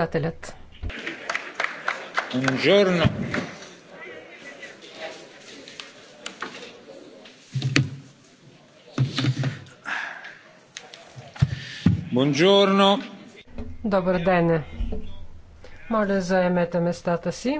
Председателят. Бонжорно. Бонжорно. Добър ден. Моля, заемете местата си.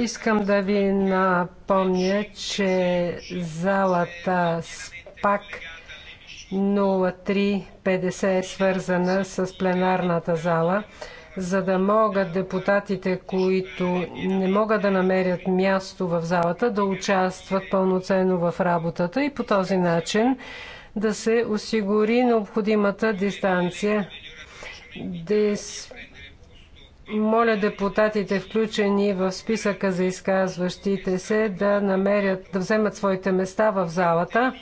Искам да ви напомня, че залата СПАК 0350 е свързана с пленарната зала, за да могат депутатите, които не могат да намерят място в залата, да участват пълноценно в работата и по този начин да се осигури необходимата дистанция. Дис моля депутатите, включени в списъка за изказващите се, да намерят, да вземат своите места в залата.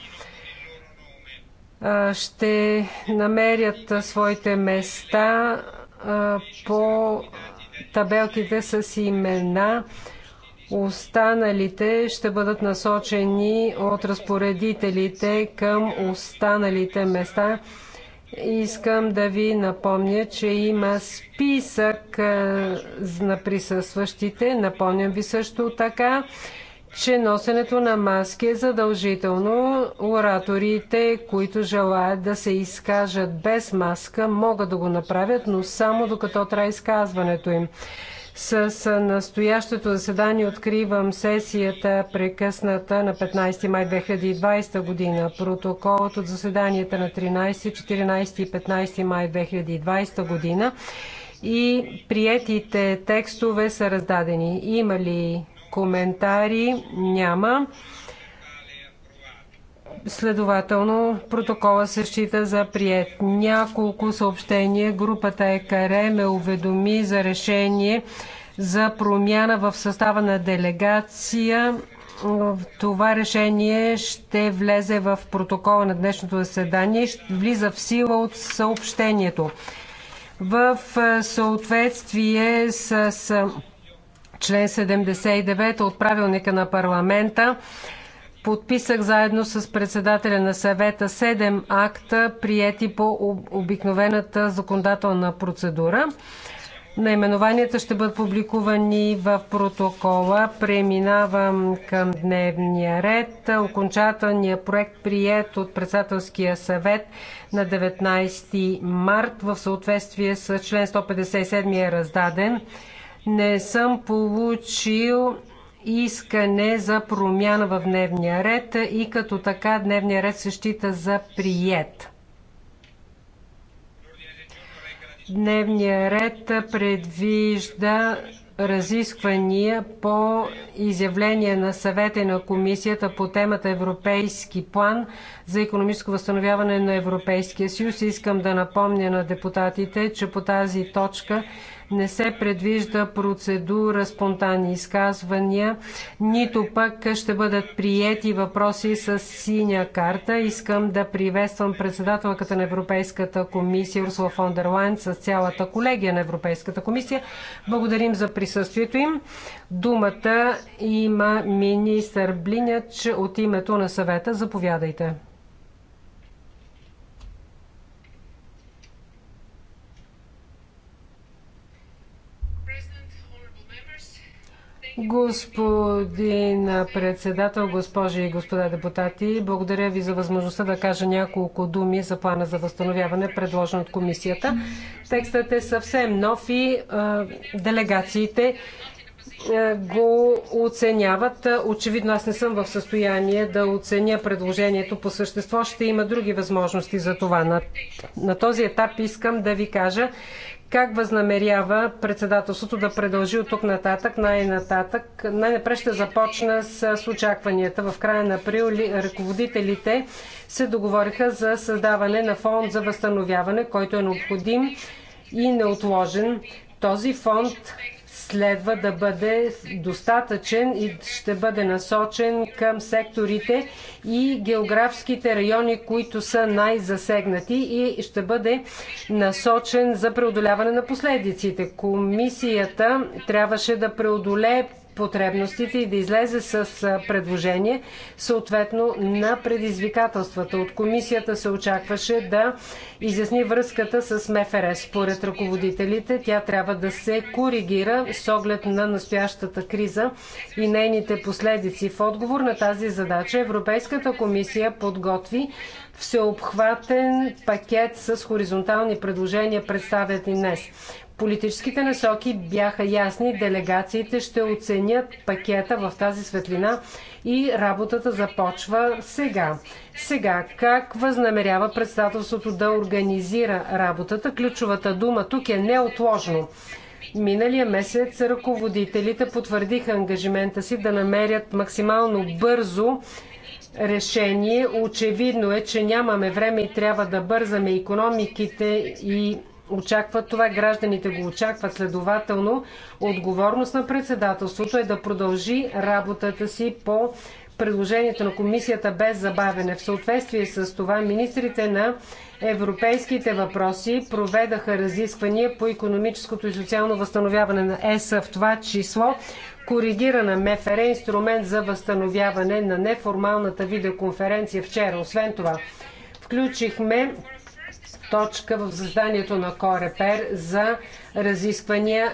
Ще намерят своите места по табелките с имена. Останалите ще бъдат насочени от разпоредителите към останалите места. Искам да ви напомня, че има списък на присъстващите. Напомням ви също така, че носенето на маски е задължително. Ораторите, които желаят да се изкажат без маска, могат да го направят, но само докато трае изказването им. С настоящото заседание откривам сесията, прекъсната на 15 май 2020 година. Протоколът от заседанията на 13, 14 и 15 май 2020 година и приетите текстове са раздадени. Има ли коментари? Няма. Следователно, протокола се счита за прият. Няколко съобщения. Групата ЕКР ме уведоми за решение за промяна в състава на делегация. Това решение ще влезе в протокола на днешното заседание и влиза в сила от съобщението. В е, съответствие с е, член 79 от правилника на парламента, подписах заедно с председателя на съвета 7 акта, приети по обикновената законодателна процедура. Наименованията ще бъдат публикувани в протокола. Преминавам към дневния ред. Окончателният проект прият от председателския съвет на 19 март в съответствие с член 157 е раздаден. Не съм получил искане за промяна в дневния ред и като така дневния ред се счита за прият. Дневния ред предвижда разисквания по изявление на съвета и на комисията по темата Европейски план за економическо възстановяване на Европейския съюз. Искам да напомня на депутатите, че по тази точка не се предвижда процедура спонтанни изказвания, нито пък ще бъдат приети въпроси с синя карта. Искам да приветствам председателката на Европейската комисия Урсула фон дер Лайн с цялата колегия на Европейската комисия. Благодарим за присъствието им. Думата има министър Блиняч от името на съвета. Заповядайте. Господин председател, госпожи и господа депутати, благодаря ви за възможността да кажа няколко думи за плана за възстановяване, предложен от комисията. Текстът е съвсем нов и а, е, делегациите е, го оценяват. Очевидно аз не съм в състояние да оценя предложението по същество. Ще има други възможности за това. На, на този етап искам да ви кажа, как възнамерява председателството да продължи от тук нататък, най-нататък. Най-напред ще започна с очакванията. В края на април ръководителите се договориха за създаване на фонд за възстановяване, който е необходим и неотложен. Този фонд следва да бъде достатъчен и ще бъде насочен към секторите и географските райони, които са най-засегнати и ще бъде насочен за преодоляване на последиците. Комисията трябваше да преодолее потребностите и да излезе с предложение съответно на предизвикателствата. От комисията се очакваше да изясни връзката с МФР. Според ръководителите тя трябва да се коригира с оглед на настоящата криза и нейните последици. В отговор на тази задача Европейската комисия подготви всеобхватен пакет с хоризонтални предложения представят и днес. Политическите насоки бяха ясни. Делегациите ще оценят пакета в тази светлина и работата започва сега. Сега, как възнамерява председателството да организира работата? Ключовата дума тук е неотложно. Миналия месец ръководителите потвърдиха ангажимента си да намерят максимално бързо решение. Очевидно е, че нямаме време и трябва да бързаме. Економиките и очакват това, гражданите го очакват. Следователно, отговорност на председателството е да продължи работата си по предложението на комисията без забавене. В съответствие с това, министрите на европейските въпроси проведаха разисквания по економическото и социално възстановяване на ЕС, в това число коригирана МФР инструмент за възстановяване на неформалната видеоконференция вчера. Освен това, включихме точка в заседанието на Корепер за разисквания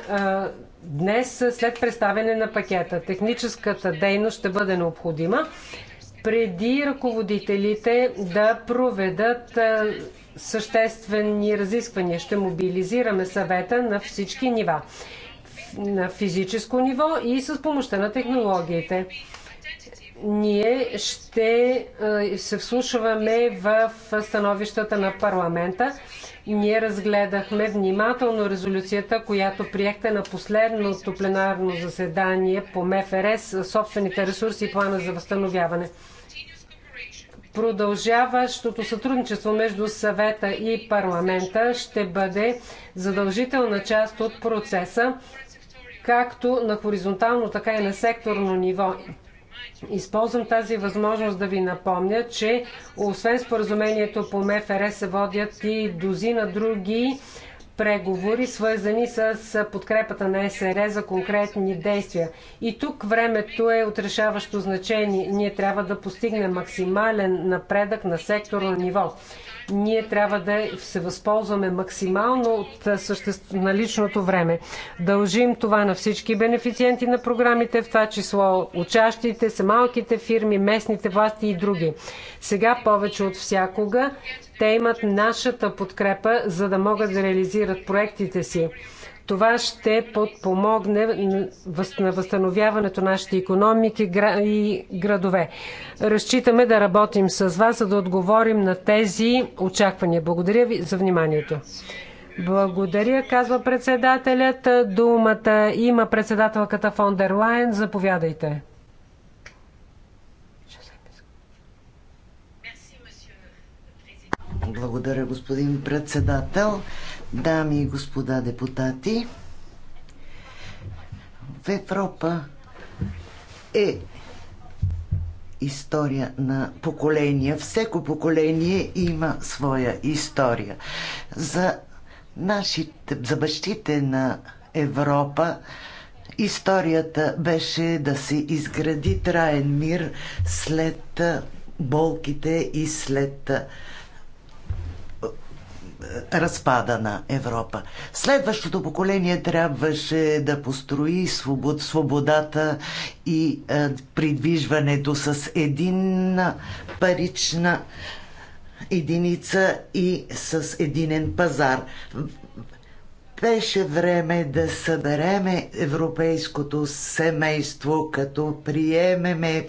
днес след представяне на пакета. Техническата дейност ще бъде необходима преди ръководителите да проведат съществени разисквания. Ще мобилизираме съвета на всички нива на физическо ниво и с помощта на технологиите ние ще се вслушваме в становищата на парламента. Ние разгледахме внимателно резолюцията, която приехте на последното пленарно заседание по МФРС, собствените ресурси и плана за възстановяване. Продължаващото сътрудничество между съвета и парламента ще бъде задължителна част от процеса, както на хоризонтално, така и на секторно ниво. Използвам тази възможност да ви напомня, че освен споразумението по МФР се водят и дозина други преговори, свързани с подкрепата на СР за конкретни действия. И тук времето е отрешаващо значение. Ние трябва да постигнем максимален напредък на секторно ниво ние трябва да се възползваме максимално от съществ... наличното време. Дължим това на всички бенефициенти на програмите, в това число учащите, са малките фирми, местните власти и други. Сега повече от всякога те имат нашата подкрепа, за да могат да реализират проектите си. Това ще подпомогне на възстановяването на нашите економики и градове. Разчитаме да работим с вас, за да отговорим на тези очаквания. Благодаря ви за вниманието. Благодаря, казва председателят. Думата има председателката фон дер Лайен. Заповядайте. Благодаря, господин председател дами и господа депутати, в Европа е история на поколения. Всеко поколение има своя история. За нашите, за бащите на Европа, историята беше да се изгради траен мир след болките и след разпада на Европа. Следващото поколение трябваше да построи свобод, свободата и е, придвижването с един парична единица и с единен пазар. Беше време да събереме европейското семейство, като приемеме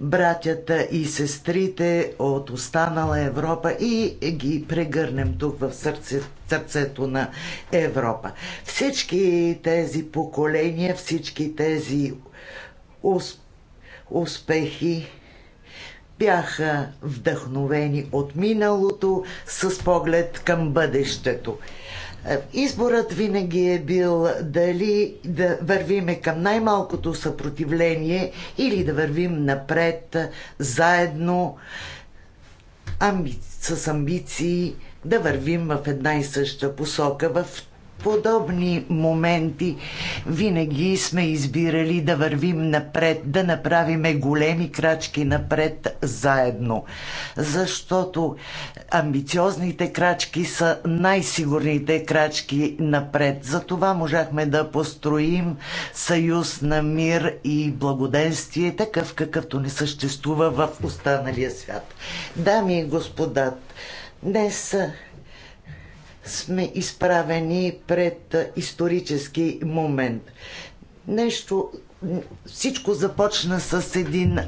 братята и сестрите от останала Европа и ги прегърнем тук в сърце, сърцето на Европа. Всички тези поколения, всички тези успехи бяха вдъхновени от миналото с поглед към бъдещето. Изборът винаги е бил дали да вървиме към най-малкото съпротивление или да вървим напред заедно амби... с амбиции да вървим в една и съща посока. В подобни моменти винаги сме избирали да вървим напред, да направиме големи крачки напред заедно. Защото амбициозните крачки са най-сигурните крачки напред. Затова можахме да построим съюз на мир и благоденствие, такъв какъвто не съществува в останалия свят. Дами и господа, днес сме изправени пред исторически момент. Нещо, всичко започна с един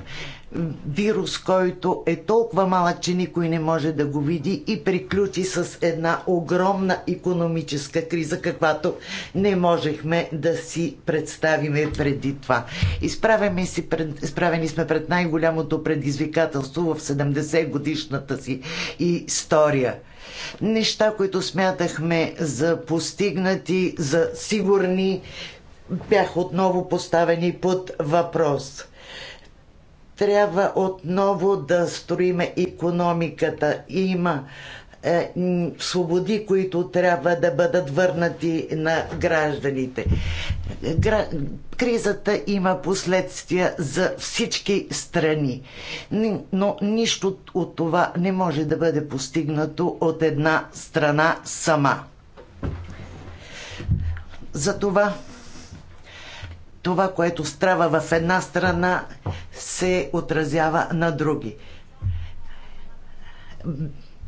вирус, който е толкова малък, че никой не може да го види и приключи с една огромна економическа криза, каквато не можехме да си представиме преди това. Изправени, си пред, изправени сме пред най-голямото предизвикателство в 70 годишната си история – Неща, които смятахме за постигнати, за сигурни, бяха отново поставени под въпрос. Трябва отново да строиме економиката. Има е, свободи, които трябва да бъдат върнати на гражданите. Гра... Кризата има последствия за всички страни, но нищо от това не може да бъде постигнато от една страна сама. Затова това, което страва в една страна, се отразява на други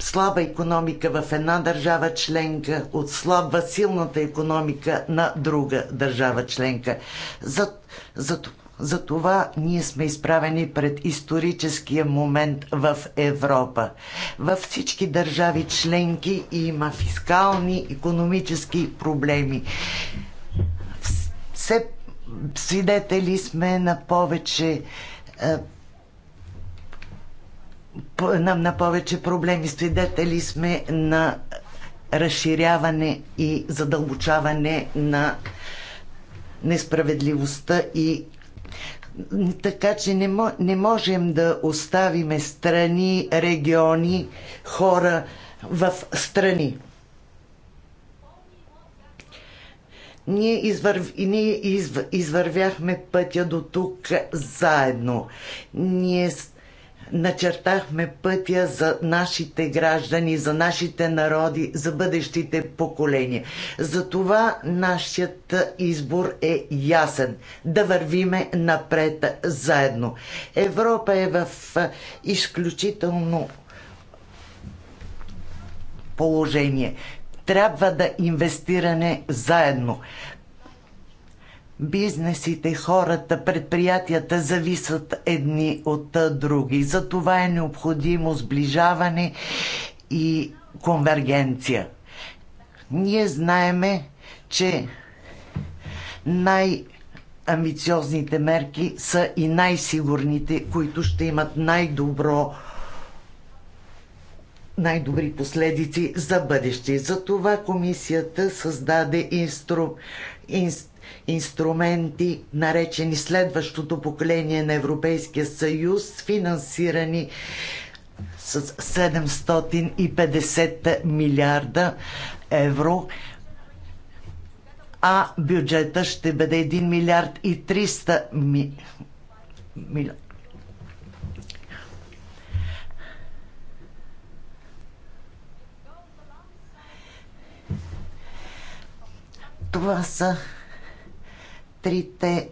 слаба економика в една държава членка отслабва силната економика на друга държава членка. За, за, за това ние сме изправени пред историческия момент в Европа. Във всички държави членки има фискални, економически проблеми. Все свидетели сме на повече е, на, на повече проблеми. Свидетели сме на разширяване и задълбочаване на несправедливостта и така че не, не можем да оставиме страни, региони, хора в страни. Ние, извърв... ние изв... извървяхме пътя до тук заедно. Ние начертахме пътя за нашите граждани, за нашите народи, за бъдещите поколения. Затова нашият избор е ясен. Да вървиме напред заедно. Европа е в изключително положение. Трябва да инвестиране заедно бизнесите, хората, предприятията зависят едни от други. За това е необходимо сближаване и конвергенция. Ние знаеме, че най- амбициозните мерки са и най-сигурните, които ще имат най-добро най-добри последици за бъдеще. Затова комисията създаде инструмент инструменти, наречени следващото поколение на Европейския съюз, финансирани с 750 милиарда евро, а бюджета ще бъде 1 милиард и 300 ми... милиарда. Това са трите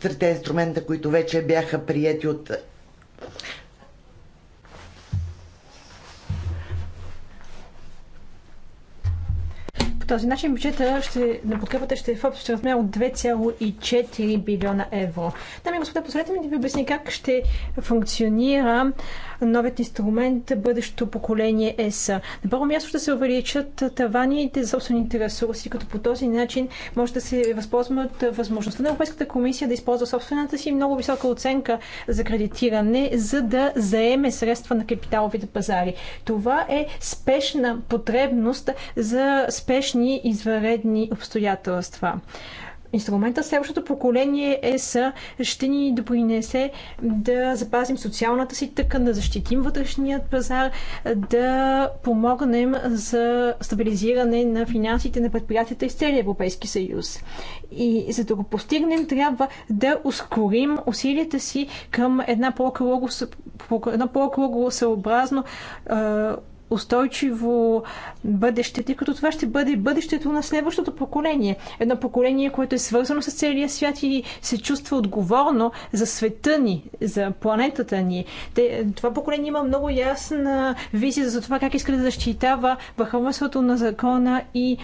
трите инструмента, които вече бяха приети от По този начин бюджета ще, на подкрепата ще е в общ размер от 2,4 билиона евро. Дами и господа, позволете ми да ви обясня как ще функционира новият инструмент бъдещото поколение ЕС. На първо място ще се увеличат таваните за собствените ресурси, като по този начин може да се възползват възможността на Европейската комисия да използва собствената си много висока оценка за кредитиране, за да заеме средства на капиталовите пазари. Това е спешна потребност за спешни извънредни обстоятелства инструмента следващото поколение са, ще ни допринесе да запазим социалната си тъкан, да защитим вътрешният пазар, да помогнем за стабилизиране на финансите на предприятията из целия Европейски съюз. И за да го постигнем, трябва да ускорим усилията си към една по-екологосъобразно устойчиво бъдеще, тъй като това ще бъде бъдещето на следващото поколение. Едно поколение, което е свързано с целия свят и се чувства отговорно за света ни, за планетата ни. Те, това поколение има много ясна визия за това как иска да защитава върховенството на закона и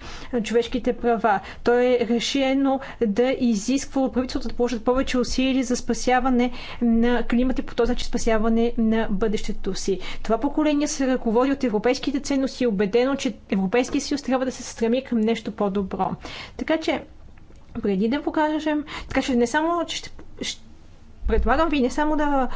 човешките права. То е решено да изисква от правителството да положат повече усилия за спасяване на климата и по този начин спасяване на бъдещето си. Това поколение се ръководи от европейските ценности и е убедено, че Европейския съюз трябва да се стреми към нещо по-добро. Така че, преди да покажем, така че не само, че ще, ще предлагам ви не само да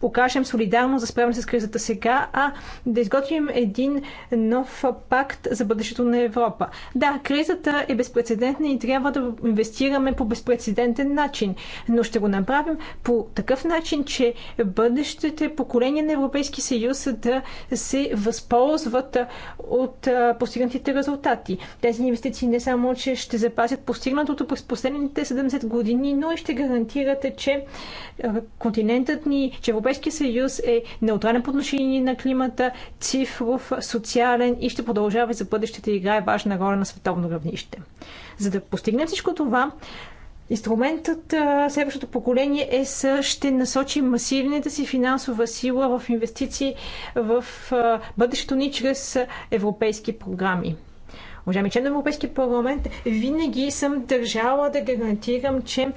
покажем солидарност за справяне с кризата сега, а да изготвим един нов пакт за бъдещето на Европа. Да, кризата е безпредседентна и трябва да инвестираме по безпредседентен начин, но ще го направим по такъв начин, че бъдещите поколения на Европейски съюз да се възползват от постигнатите резултати. Тези инвестиции не само, че ще запазят постигнатото през последните 70 години, но и ще гарантират, че континентът ни, че Европейския съюз е неутрален по отношение на климата, цифров, социален и ще продължава и за бъдещето да играе важна роля на световно равнище. За да постигнем всичко това, Инструментът следващото поколение е ще насочи масивната си финансова сила в инвестиции в бъдещето ни чрез европейски програми. Уважаеми член на Европейския парламент, винаги съм държала да гарантирам, че,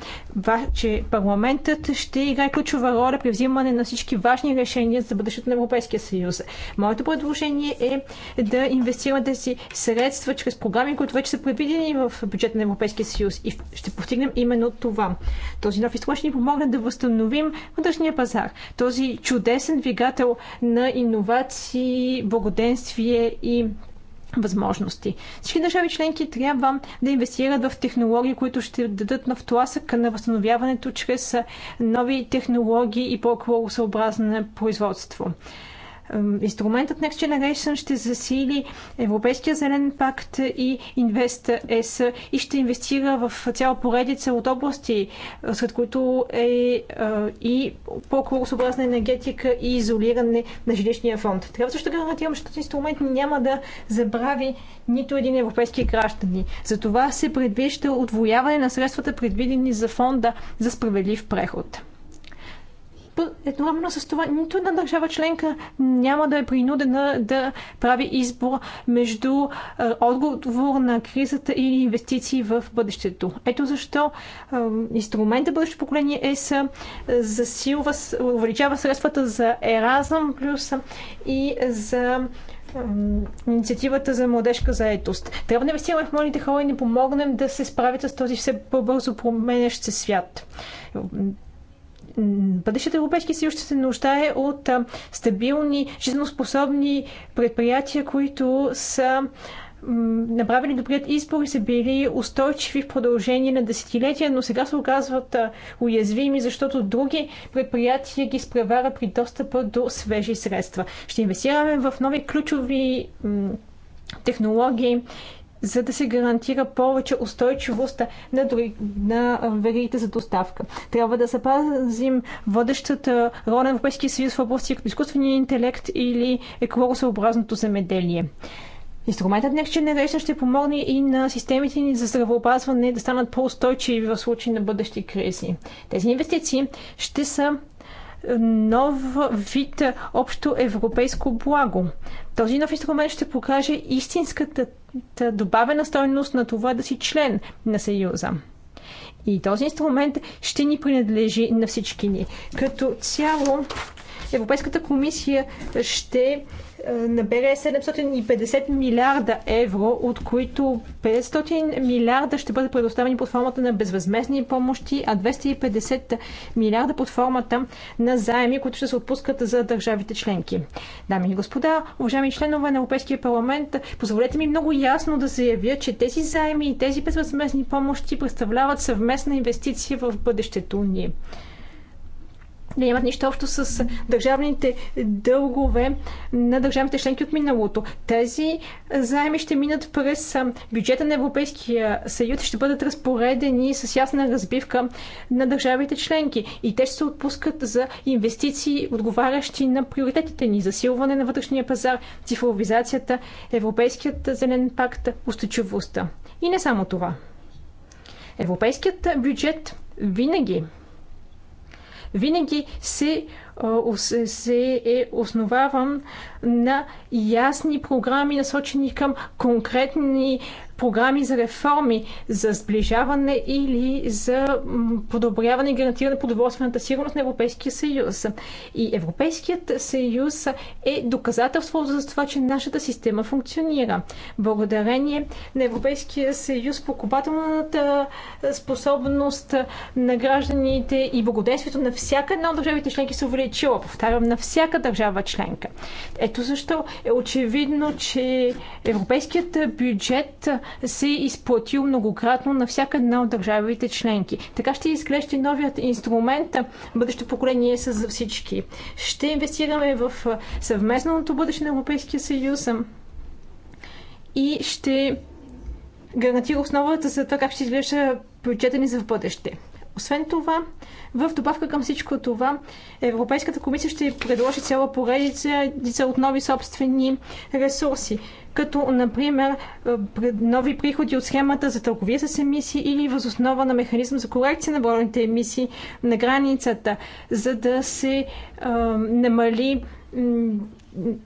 че парламентът ще играе ключова роля при взимане на всички важни решения за бъдещето на Европейския съюз. Моето предложение е да инвестираме тези средства чрез програми, които вече са предвидени в бюджета на Европейския съюз и ще постигнем именно това. Този нов инструмент ще ни помогне да възстановим вътрешния пазар. Този чудесен двигател на иновации, благоденствие и възможности. Всички държави членки трябва да инвестират в технологии, които ще дадат на втласъка на възстановяването чрез нови технологии и по-екологосъобразно производство. Инструментът Next Generation ще засили Европейския зелен пакт и Invest S и ще инвестира в цяла поредица от области, сред които е и по колосообразна енергетика и изолиране на жилищния фонд. Трябва също да гарантирам, че този инструмент няма да забрави нито един европейски граждани. За това се предвижда отвояване на средствата, предвидени за фонда за справедлив преход едновременно с това нито една държава членка няма да е принудена да прави избор между отговор на кризата и инвестиции в бъдещето. Ето защо инструмента бъдещо поколение ЕС засилва, увеличава средствата за Еразъм плюс и за инициативата за младежка заетост. Трябва да инвестираме в младите хора и не помогнем да се справят с този все по-бързо променящ се свят бъдещето Европейски съюз ще се нуждае от стабилни, жизнеспособни предприятия, които са направили добрият избор и са били устойчиви в продължение на десетилетия, но сега се оказват уязвими, защото други предприятия ги спреварят при достъпа до свежи средства. Ще инвестираме в нови ключови технологии за да се гарантира повече устойчивост на, дори, на веригите за доставка. Трябва да запазим водещата роля на Европейския съюз в области като изкуствения интелект или екологосъобразното земеделие. Инструментът Next Generation ще помогне и на системите ни за здравеопазване да станат по-устойчиви в случай на бъдещи кризи. Тези инвестиции ще са нов вид общо европейско благо. Този нов инструмент ще покаже истинската добавена стойност на това да си член на Съюза. И този инструмент ще ни принадлежи на всички ни. Като цяло Европейската комисия ще е, набере 750 милиарда евро, от които 500 милиарда ще бъдат предоставени под формата на безвъзмезни помощи, а 250 милиарда под формата на заеми, които ще се отпускат за държавите членки. Дами и господа, уважаеми членове на Европейския парламент, позволете ми много ясно да заявя, че тези заеми и тези безвъзмезни помощи представляват съвместна инвестиция в бъдещето ни да имат нищо общо с държавните дългове на държавните членки от миналото. Тези заеми ще минат през бюджета на Европейския съюз, ще бъдат разпоредени с ясна разбивка на държавите членки и те ще се отпускат за инвестиции, отговарящи на приоритетите ни. Засилване на вътрешния пазар, цифровизацията, Европейският зелен пакт, устойчивостта. И не само това. Европейският бюджет винаги винаги се, се е основаван на ясни програми, насочени към конкретни програми за реформи, за сближаване или за подобряване и гарантиране на продоволствената сигурност на Европейския съюз. И Европейският съюз е доказателство за това, че нашата система функционира. Благодарение на Европейския съюз, покупателната способност на гражданите и благодействието на всяка една от държавите членки се увеличила. Повтарям, на всяка държава членка. Ето защо е очевидно, че европейският бюджет се е изплатил многократно на всяка една от държавите членки. Така ще изглежда новият инструмент бъдещо поколение с за всички. Ще инвестираме в съвместното бъдеще на Европейския съюз и ще гарантира основата за това как ще изглежда бюджета ни за в бъдеще. Освен това, в добавка към всичко това, Европейската комисия ще предложи цяла поредица от нови собствени ресурси, като, например, е, нови приходи от схемата за търговия с емисии или възоснова на механизъм за корекция на броните емисии на границата, за да се е, намали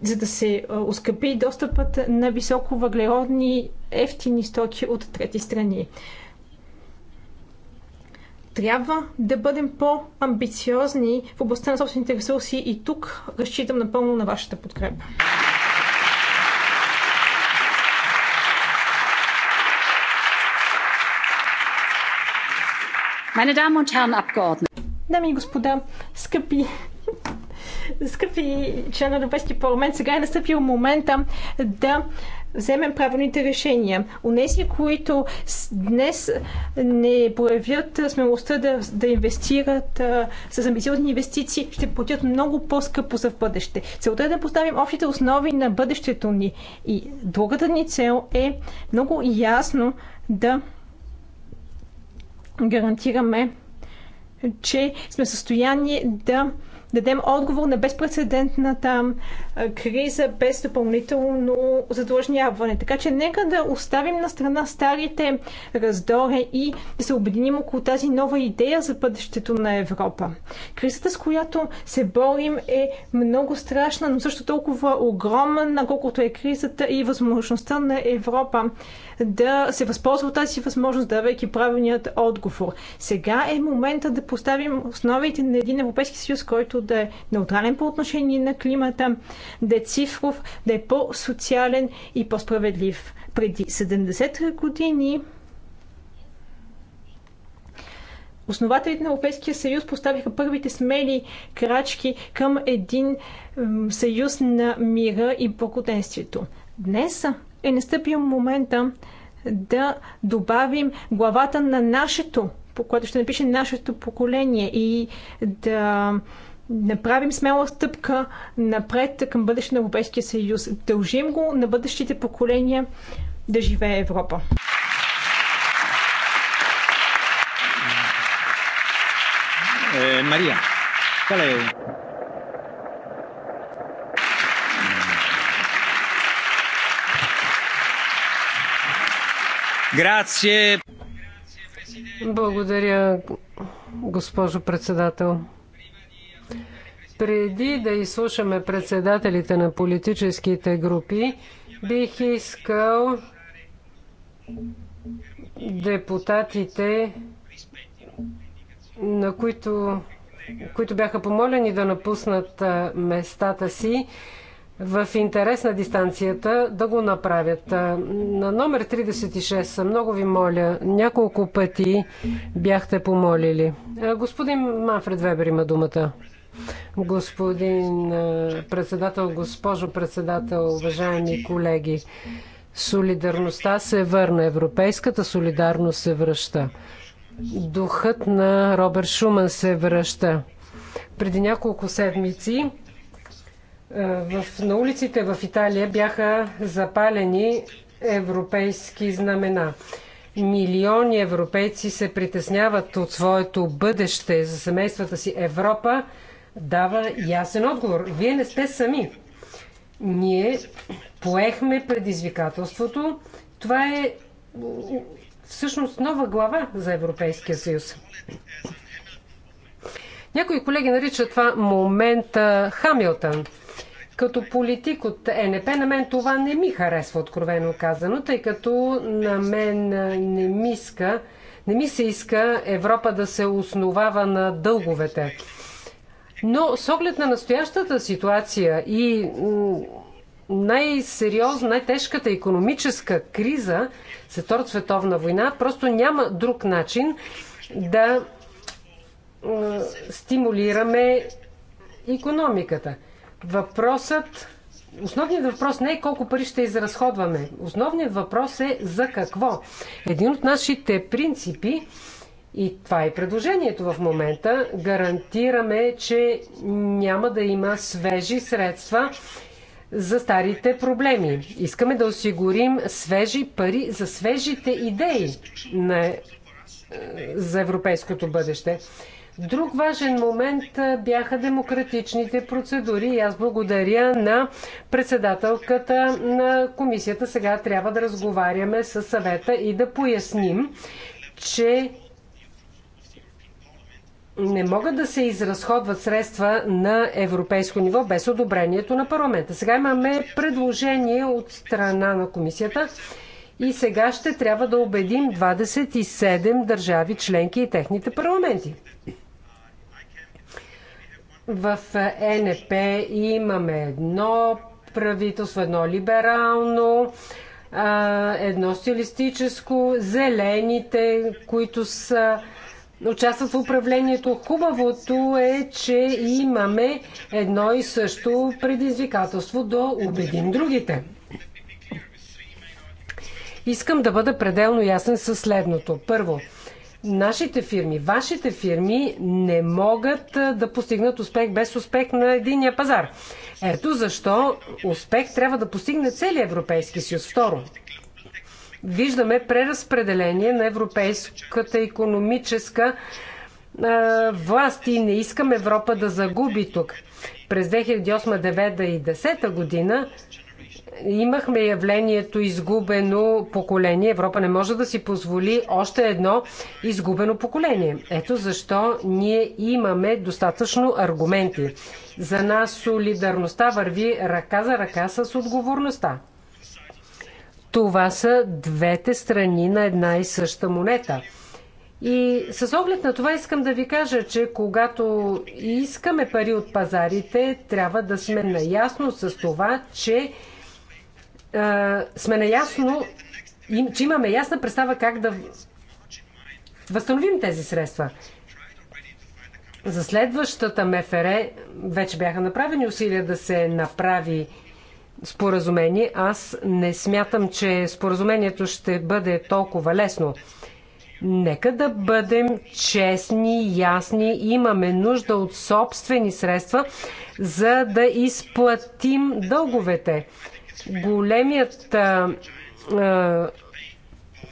за да се е, оскъпи достъпът на високо въглеродни ефтини стоки от трети страни. Трябва да бъдем по-амбициозни в областта на собствените ресурси и тук разчитам напълно на вашата подкрепа. Meine Damen und Herren Abgeordneten. Дами и господа, скъпи скъпи членове на Европейския парламент, сега е настъпил момента да вземем правилните решения. Унези, които днес не проявят смелостта да, да инвестират а, с амбициозни инвестиции, ще платят много по-скъпо за в бъдеще. Целта е да поставим общите основи на бъдещето ни. И другата ни цел е много ясно да гарантираме, че сме в състояние да дадем отговор на безпредседентната криза без допълнително задлъжняване. Така че нека да оставим на страна старите раздори и да се обединим около тази нова идея за бъдещето на Европа. Кризата, с която се борим, е много страшна, но също толкова огромна, колкото е кризата и възможността на Европа да се възползва от тази възможност, давайки правилният отговор. Сега е момента да поставим основите на един Европейски съюз, който да е неутрален по отношение на климата, да е цифров, да е по-социален и по-справедлив. Преди 70 години Основателите на Европейския съюз поставиха първите смели крачки към един съюз на мира и благоденствието. Днес е настъпил момента да добавим главата на нашето, по което ще напише нашето поколение и да направим смела стъпка напред към бъдещето на Европейския съюз. Дължим го на бъдещите поколения да живее Европа. Е, Мария, Грация. Благодаря, госпожо председател. Преди да изслушаме председателите на политическите групи, бих искал депутатите, на които, които бяха помолени да напуснат местата си, в интерес на дистанцията да го направят. На номер 36, много ви моля, няколко пъти бяхте помолили. Господин Манфред Вебер има думата. Господин председател, госпожо председател, уважаеми колеги, солидарността се върна, европейската солидарност се връща. Духът на Робърт Шуман се връща. Преди няколко седмици е, в, на улиците в Италия бяха запалени европейски знамена. Милиони европейци се притесняват от своето бъдеще за семействата си. Европа дава ясен отговор. Вие не сте сами. Ние поехме предизвикателството. Това е всъщност нова глава за Европейския съюз. Някои колеги наричат това момента Хамилтън. Като политик от ЕНП на мен това не ми харесва, откровено казано, тъй като на мен не ми, иска, не ми се иска Европа да се основава на дълговете. Но с оглед на настоящата ситуация и най-сериозна, най-тежката економическа криза за Втората световна война, просто няма друг начин да стимулираме економиката. Въпросът Основният въпрос не е колко пари ще изразходваме. Основният въпрос е за какво. Един от нашите принципи, и това е предложението в момента, гарантираме, че няма да има свежи средства за старите проблеми. Искаме да осигурим свежи пари за свежите идеи на, е, за европейското бъдеще. Друг важен момент бяха демократичните процедури и аз благодаря на председателката на комисията. Сега трябва да разговаряме с съвета и да поясним, че не могат да се изразходват средства на европейско ниво без одобрението на парламента. Сега имаме предложение от страна на комисията и сега ще трябва да убедим 27 държави членки и техните парламенти. В ЕНП имаме едно правителство, едно либерално, едно стилистическо, зелените, които са участват в управлението. Хубавото е, че имаме едно и също предизвикателство да убедим другите. Искам да бъда пределно ясен със следното. Първо, нашите фирми, вашите фирми не могат да постигнат успех без успех на единия пазар. Ето защо успех трябва да постигне целият Европейски съюз. Второ, виждаме преразпределение на европейската економическа власт и не искам Европа да загуби тук. През 2008-2009 и 2010 година Имахме явлението изгубено поколение. Европа не може да си позволи още едно изгубено поколение. Ето защо ние имаме достатъчно аргументи. За нас солидарността върви ръка за ръка с отговорността. Това са двете страни на една и съща монета. И с оглед на това искам да ви кажа, че когато искаме пари от пазарите, трябва да сме наясно с това, че сме наясно, че имаме ясна представа как да възстановим тези средства. За следващата МФР вече бяха направени усилия да се направи споразумение. Аз не смятам, че споразумението ще бъде толкова лесно. Нека да бъдем честни, ясни. Имаме нужда от собствени средства, за да изплатим дълговете. Големият а, а,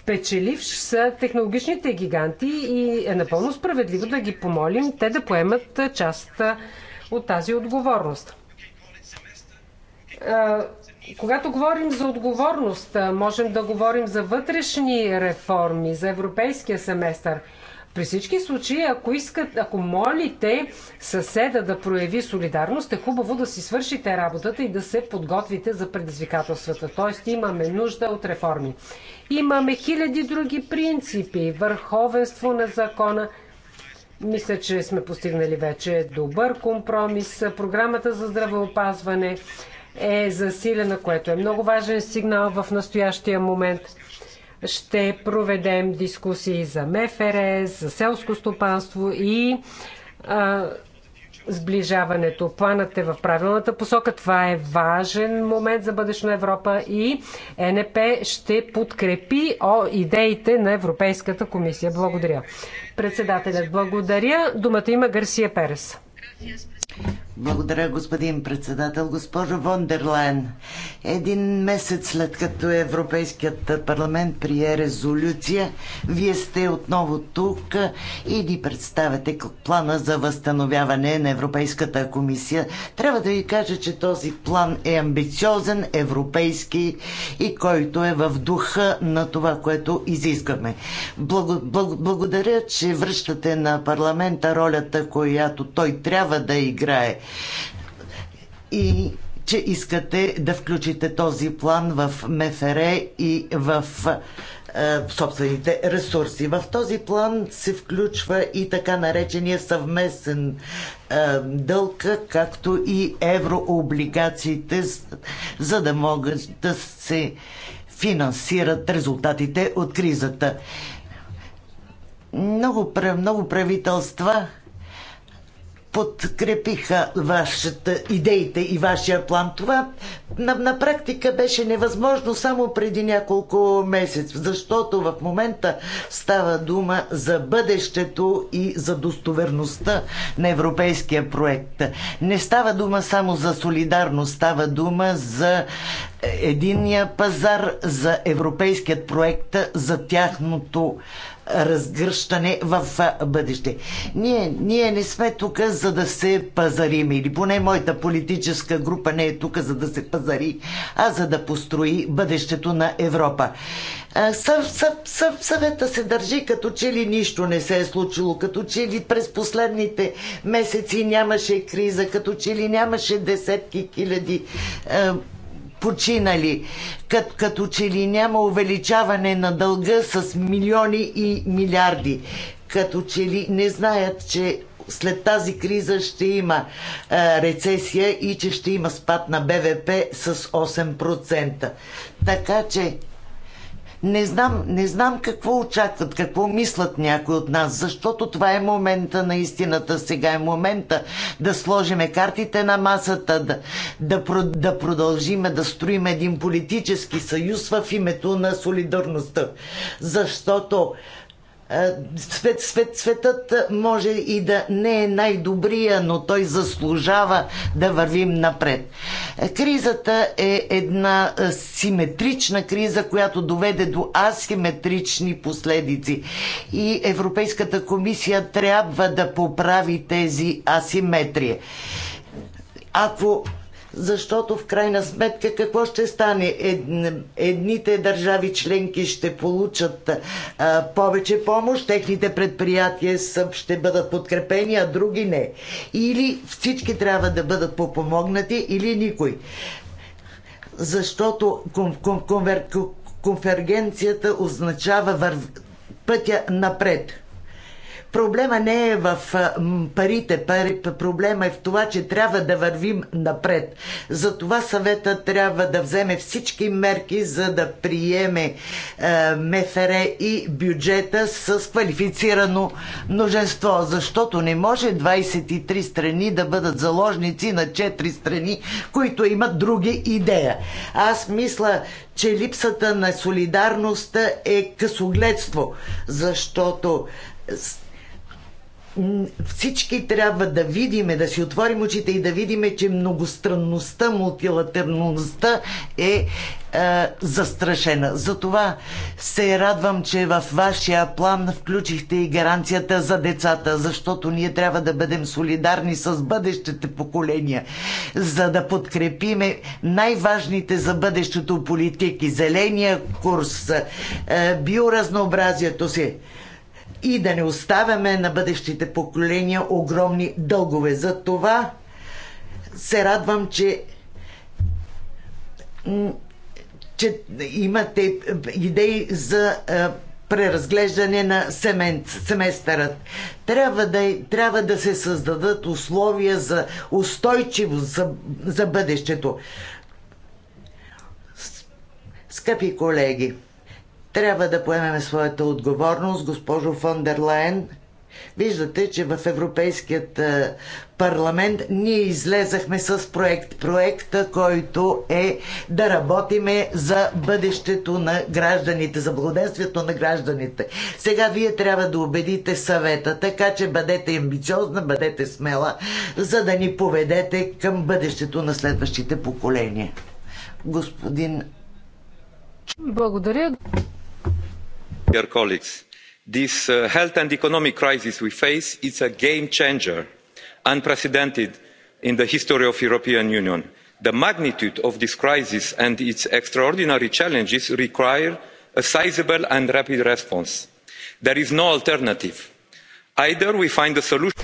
печеливш са технологичните гиганти и е напълно справедливо да ги помолим те да поемат част от тази отговорност. А, когато говорим за отговорност, можем да говорим за вътрешни реформи, за европейския семестър – при всички случаи, ако искат, ако молите съседа да прояви солидарност, е хубаво да си свършите работата и да се подготвите за предизвикателствата. Тоест имаме нужда от реформи. Имаме хиляди други принципи, върховенство на закона. Мисля, че сме постигнали вече добър компромис. Програмата за здравеопазване е засилена, което е много важен сигнал в настоящия момент ще проведем дискусии за МФР, за селско стопанство и а, сближаването. Планът е в правилната посока. Това е важен момент за бъдещето на Европа и НП ще подкрепи о, идеите на Европейската комисия. Благодаря. Председателят, благодаря. Думата има Гарсия Перес. Благодаря, господин председател. Госпожо Вондерлайн, един месец след като Европейският парламент прие резолюция, вие сте отново тук и ни представяте плана за възстановяване на Европейската комисия. Трябва да ви кажа, че този план е амбициозен, европейски и който е в духа на това, което изискаме. Благо, благо, благодаря, че връщате на парламента ролята, която той трябва да играе и че искате да включите този план в МФР и в е, собствените ресурси. В този план се включва и така наречения съвместен е, дълг, както и еврооблигациите, за да могат да се финансират резултатите от кризата. Много, много правителства подкрепиха вашата идеите и вашия план. Това на, на практика беше невъзможно само преди няколко месец, защото в момента става дума за бъдещето и за достоверността на европейския проект. Не става дума само за солидарност, става дума за единия пазар, за европейският проект, за тяхното разгръщане в бъдеще. Ние, ние не сме тук за да се пазарим или поне моята политическа група не е тук за да се пазари, а за да построи бъдещето на Европа. Съв, съв, съв, съвета се държи като че ли нищо не се е случило, като че ли през последните месеци нямаше криза, като че ли нямаше десетки хиляди е, починали. Кът, като че ли няма увеличаване на дълга с милиони и милиарди. Като че ли не знаят, че след тази криза ще има а, рецесия и че ще има спад на БВП с 8%. Така че не знам, не знам какво очакват, какво мислят някои от нас, защото това е момента на истината. Сега е момента да сложиме картите на масата, да, да, да продължиме да строим един политически съюз в името на солидарността. Защото Свет, свет, светът може и да не е най-добрия, но той заслужава да вървим напред. Кризата е една симетрична криза, която доведе до асиметрични последици. И Европейската комисия трябва да поправи тези асиметрии. Ако защото в крайна сметка какво ще стане? Ед, едните държави членки ще получат а, повече помощ, техните предприятия са, ще бъдат подкрепени, а други не. Или всички трябва да бъдат попомогнати, или никой. Защото кон, кон, конвер, конвергенцията означава вър... пътя напред. Проблема не е в парите, пари, проблема е в това, че трябва да вървим напред. Затова съвета трябва да вземе всички мерки, за да приеме е, МФР и бюджета с квалифицирано множество, защото не може 23 страни да бъдат заложници на 4 страни, които имат други идея. Аз мисля, че липсата на солидарност е късогледство, защото всички трябва да видиме, да си отворим очите и да видиме, че многостранността, мултилатерността е, е застрашена. Затова се радвам, че в вашия план включихте и гаранцията за децата, защото ние трябва да бъдем солидарни с бъдещите поколения, за да подкрепиме най-важните за бъдещето политики, зеления курс, е, биоразнообразието си и да не оставяме на бъдещите поколения огромни дългове. За това се радвам, че че имате идеи за е, преразглеждане на семен, семестърът. Трябва да, трябва да се създадат условия за устойчивост за, за бъдещето. Скъпи колеги, трябва да поемеме своята отговорност, госпожо фон дер Лайен. Виждате, че в Европейският е, парламент ние излезахме с проект. Проекта, който е да работиме за бъдещето на гражданите, за благоденствието на гражданите. Сега вие трябва да убедите съвета, така че бъдете амбициозна, бъдете смела, за да ни поведете към бъдещето на следващите поколения. Господин. Благодаря dear colleagues this health and economic crisis we face is a game changer unprecedented in the history of the european union. the magnitude of this crisis and its extraordinary challenges require a sizeable and rapid response. there is no alternative. either we find a solution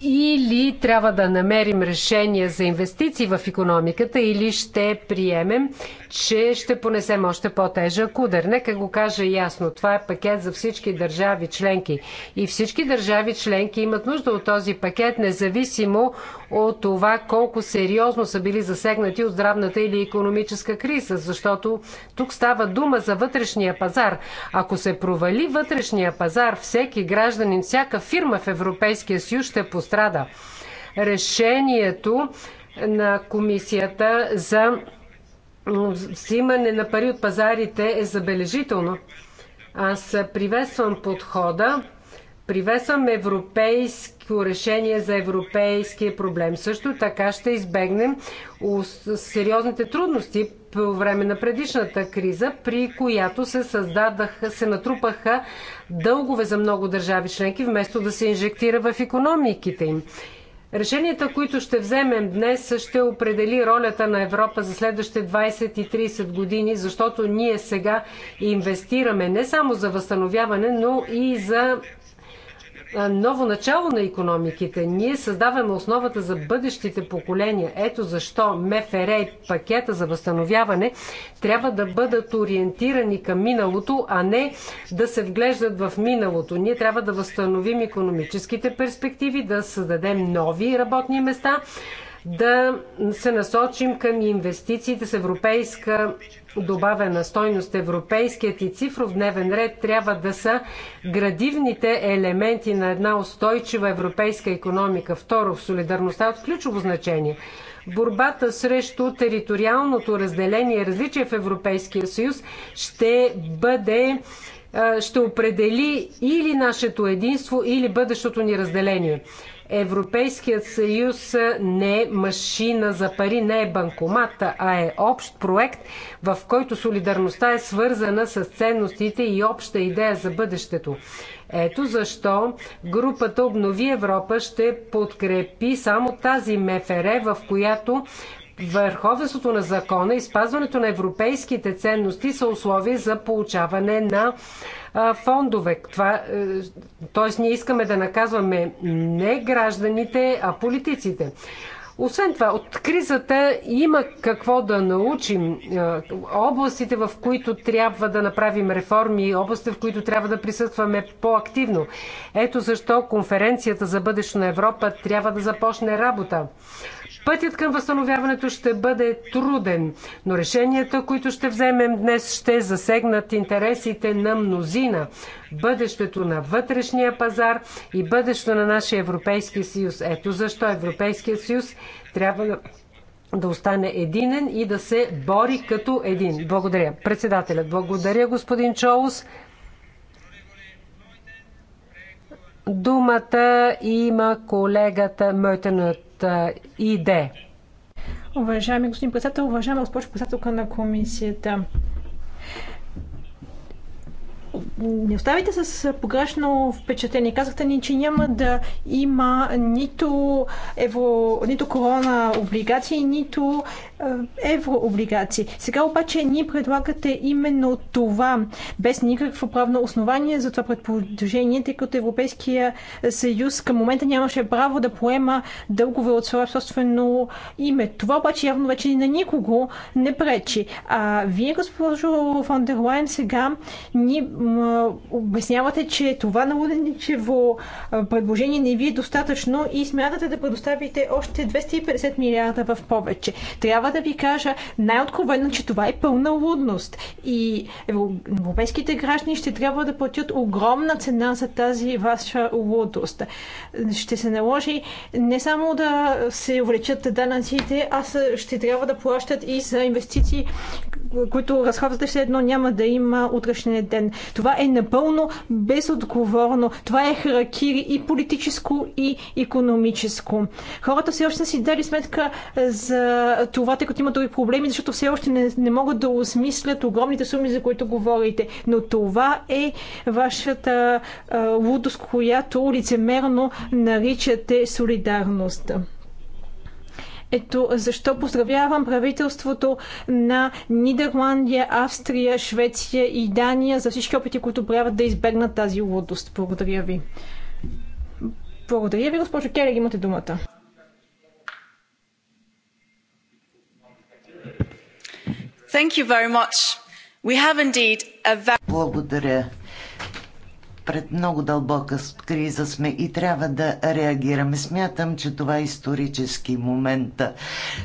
или трябва да намерим решение за инвестиции в икономиката или ще приемем че ще понесем още по-тежък удар. Нека го кажа ясно. Това е пакет за всички държави членки. И всички държави членки имат нужда от този пакет, независимо от това колко сериозно са били засегнати от здравната или економическа криза, защото тук става дума за вътрешния пазар. Ако се провали вътрешния пазар, всеки гражданин, всяка фирма в Европейския съюз ще пострада. Решението на комисията за взимане на пари от пазарите е забележително. Аз приветствам подхода, приветствам европейско решение за европейския проблем. Също така ще избегнем сериозните трудности по време на предишната криза, при която се създадаха, се натрупаха дългове за много държави членки, вместо да се инжектира в економиките им. Решенията, които ще вземем днес, ще определи ролята на Европа за следващите 20 и 30 години, защото ние сега инвестираме не само за възстановяване, но и за ново начало на економиките. Ние създаваме основата за бъдещите поколения. Ето защо МФР и пакета за възстановяване трябва да бъдат ориентирани към миналото, а не да се вглеждат в миналото. Ние трябва да възстановим економическите перспективи, да създадем нови работни места, да се насочим към инвестициите с европейска добавена стойност, европейският и цифров дневен ред трябва да са градивните елементи на една устойчива европейска економика. Второ, солидарността е от ключово значение. Борбата срещу териториалното разделение и различие в Европейския съюз ще бъде ще определи или нашето единство, или бъдещото ни разделение. Европейският съюз не е машина за пари, не е банкомата, а е общ проект, в който солидарността е свързана с ценностите и обща идея за бъдещето. Ето защо групата Обнови Европа ще подкрепи само тази МФР, в която върховенството на закона и спазването на европейските ценности са условия за получаване на фондове. Това, т.е. ние искаме да наказваме не гражданите, а политиците. Освен това, от кризата има какво да научим. Е, областите, в които трябва да направим реформи, областите, в които трябва да присъстваме по-активно. Ето защо конференцията за бъдещето на Европа трябва да започне работа. Пътят към възстановяването ще бъде труден, но решенията, които ще вземем днес, ще засегнат интересите на мнозина, бъдещето на вътрешния пазар и бъдещето на нашия Европейски съюз. Ето защо Европейският съюз трябва да да остане единен и да се бори като един. Благодаря. Председателят, благодаря господин Чоус. Думата има колегата Мойтенът. ИД. Уважаеми господин председател, уважаема госпожо председателка на комисията не оставите с погрешно впечатление. Казахте ни, че няма да има нито, евро, нито корона облигации, нито е, еврооблигации. Сега обаче ни предлагате именно това, без никакво правно основание за това предположение, тъй като Европейския съюз към момента нямаше право да поема дългове от своя собствено име. Това обаче явно вече на никого не пречи. А вие, госпожо Фондерлайн, сега ни обяснявате, че това налудничево предложение не ви е достатъчно и смятате да предоставите още 250 милиарда в повече. Трябва да ви кажа най-откровенно, че това е пълна лудност и европейските граждани ще трябва да платят огромна цена за тази ваша лудост. Ще се наложи не само да се увлечат данъците, а ще трябва да плащат и за инвестиции, които разходвате все едно няма да има утрешния ден. Това е напълно безотговорно. Това е харакири и политическо, и економическо. Хората все още не си дали сметка за това, тъй като имат други проблеми, защото все още не, не могат да осмислят огромните суми, за които говорите. Но това е вашата а, лудост, която лицемерно наричате солидарност. Ето защо поздравявам правителството на Нидерландия, Австрия, Швеция и Дания за всички опити, които правят да избегнат тази лудост. Благодаря ви. Благодаря ви, госпожо Келег, имате думата. Thank you very much. We have indeed a very... Благодаря пред много дълбока криза сме и трябва да реагираме. Смятам, че това е исторически момент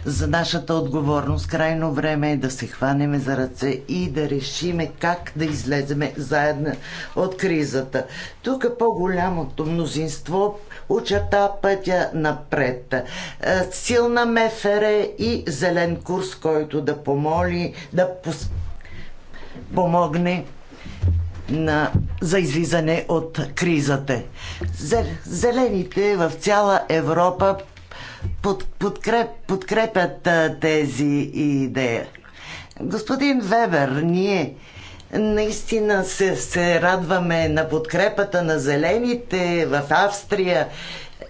за нашата отговорност. Крайно време е да се хванеме за ръце и да решиме как да излеземе заедно от кризата. Тук по-голямото мнозинство очерта пътя напред. Е, силна МФР и зелен курс, който да помоли, да пос... помогне на, за излизане от кризата. Зелените в цяла Европа под, подкреп, подкрепят тези идеи. Господин Вебер, ние наистина се, се радваме на подкрепата на зелените в Австрия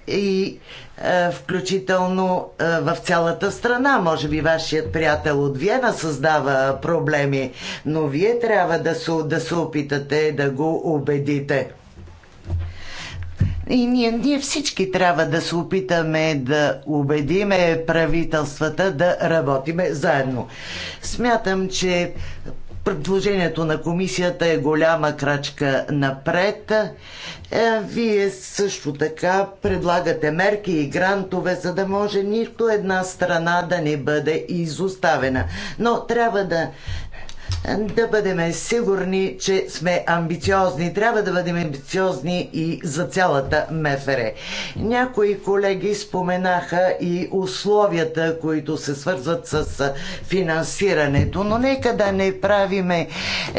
и е, включително е, в цялата страна. Може би вашият приятел от Виена създава проблеми, но вие трябва да се, да се опитате да го убедите. И ние, ние всички трябва да се опитаме да убедиме правителствата да работиме заедно. Смятам, че Предложението на комисията е голяма крачка напред. Е, вие също така предлагате мерки и грантове, за да може нито една страна да не бъде изоставена. Но трябва да да бъдем сигурни, че сме амбициозни. Трябва да бъдем амбициозни и за цялата МФР. Някои колеги споменаха и условията, които се свързват с финансирането, но нека да не правиме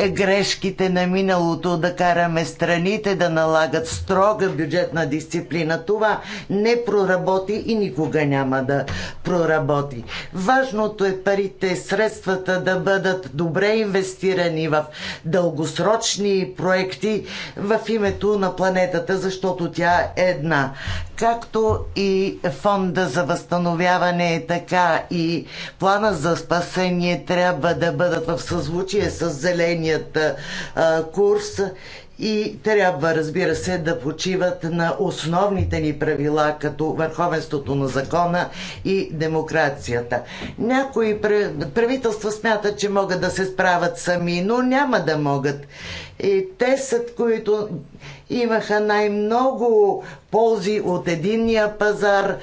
грешките на миналото, да караме страните да налагат строга бюджетна дисциплина. Това не проработи и никога няма да проработи. Важното е парите, средствата да бъдат добре инвестирани в дългосрочни проекти в името на планетата, защото тя е една. Както и фонда за възстановяване, е така и плана за спасение трябва да бъдат в съзвучие с зеленият курс и трябва, разбира се, да почиват на основните ни правила, като върховенството на закона и демокрацията. Някои правителства смятат, че могат да се справят сами, но няма да могат и те са, които имаха най-много ползи от единния пазар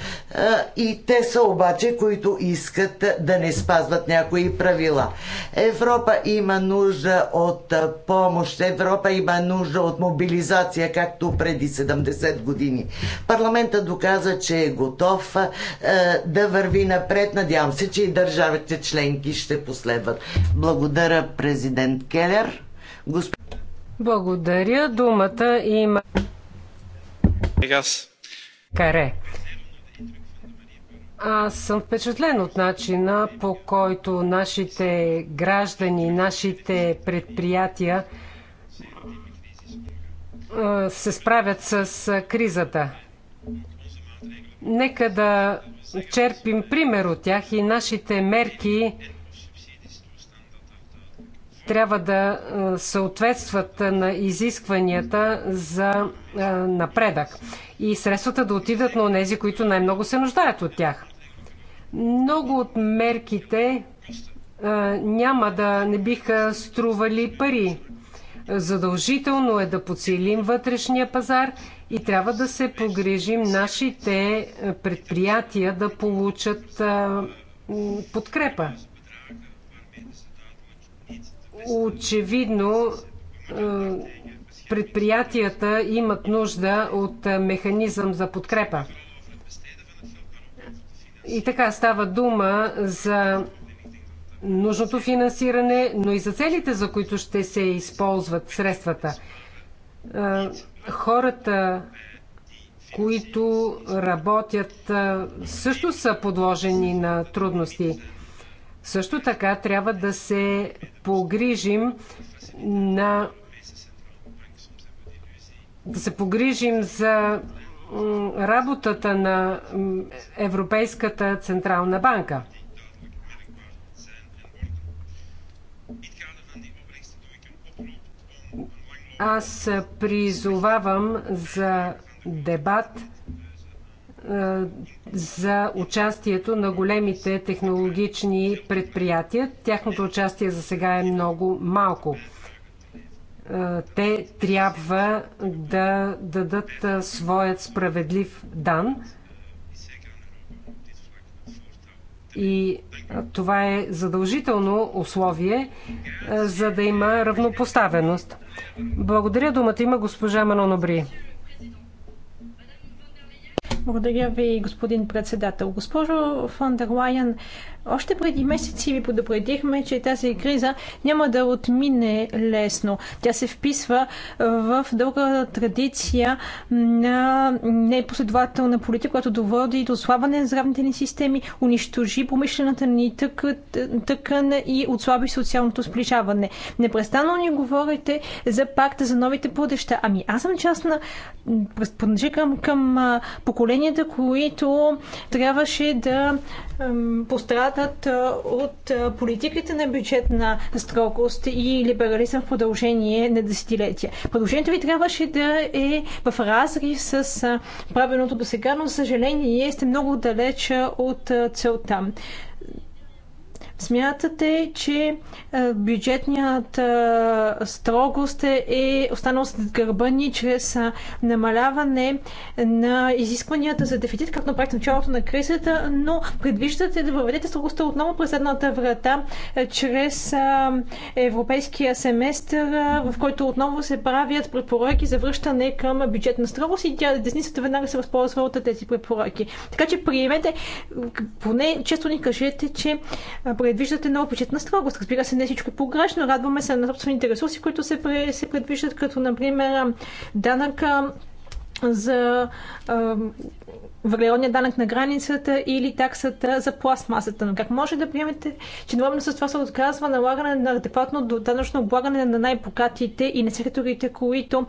и те са обаче, които искат да не спазват някои правила. Европа има нужда от помощ, Европа има нужда от мобилизация, както преди 70 години. Парламента доказа, че е готов да върви напред. Надявам се, че и държавите членки ще последват. Благодаря, президент Келер. Господин благодаря. Думата има. Егас. Каре. Аз съм впечатлен от начина по който нашите граждани, нашите предприятия се справят с кризата. Нека да черпим пример от тях и нашите мерки трябва да е, съответстват на изискванията за е, напредък и средствата да отидат на тези, които най-много се нуждаят от тях. Много от мерките е, няма да не биха стрували пари. Задължително е да подсилим вътрешния пазар и трябва да се погрижим нашите предприятия да получат подкрепа. Очевидно е, предприятията имат нужда от е, механизъм за подкрепа. И така става дума за нужното финансиране, но и за целите, за които ще се използват средствата. Е, хората, които работят, също са подложени на трудности. Също така трябва да се погрижим на да се погрижим за работата на Европейската централна банка. Аз призовавам за дебат е, за участието на големите технологични предприятия. Тяхното участие за сега е много малко. Е, те трябва да дадат е, своят справедлив дан. И това е задължително условие, за да има равнопоставеност. Благодаря думата има госпожа Манонобри. Благодаря ви, господин председател. Госпожо фон дер Лайен, още преди месеци ви подопредихме, че тази криза няма да отмине лесно. Тя се вписва в дълга традиция на непоследователна политика, която доводи до слабане на здравните ни системи, унищожи помишлената ни тъкан и отслаби социалното сближаване. Непрестанно ни говорите за пакта за новите бъдеща. Ами аз съм част на... към, към поколенията, които трябваше да пострадат от политиките на бюджетна строгост и либерализъм в продължение на десетилетия. Продължението ви трябваше да е в разрив с правилното до сега, но, за съжаление, сте много далеч от целта. Смятате, че е, бюджетният е, строгост е, е останал с гърба ни чрез намаляване на изискванията за дефицит, както направихте началото на кризата, но предвиждате да въведете строгостта отново през едната врата, чрез европейския семестър, в който отново се правят препоръки за връщане към бюджетна строгост и тя десницата веднага се възползва от тези препоръки. Така че приемете, поне често ни кажете, че предвиждате на опичет на строгост. Разбира се, не всичко е погрешно. Радваме се на собствените ресурси, които се, се предвиждат, като, например, данъка за въглеродния данък на границата или таксата за пластмасата. Но как може да приемете, че едновременно с това се отказва налагане на адекватно до данъчно облагане на най покатите и на секторите, които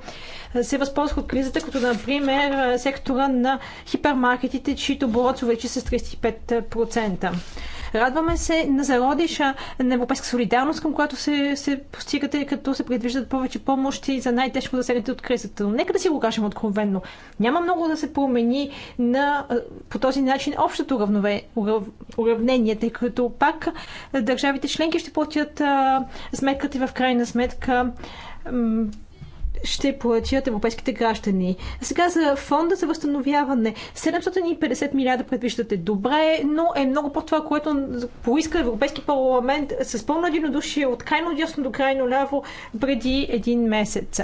се възползват от кризата, като например сектора на хипермаркетите, чието оборот се увеличи с 35%. Радваме се на зародиша на европейска солидарност, към която се, се постигате, като се предвиждат повече помощи за най-тежко засегнати от кризата. Но нека да си го кажем откровенно. Няма много да се промени на, по този начин общото равнове, урав, уравнение, тъй като пак държавите членки ще платят а, сметката и в крайна сметка ще платят европейските граждани. Сега за фонда за възстановяване. 750 милиарда предвиждате. Добре, но е много по това, което поиска Европейски парламент с пълно единодушие от крайно дясно до крайно ляво преди един месец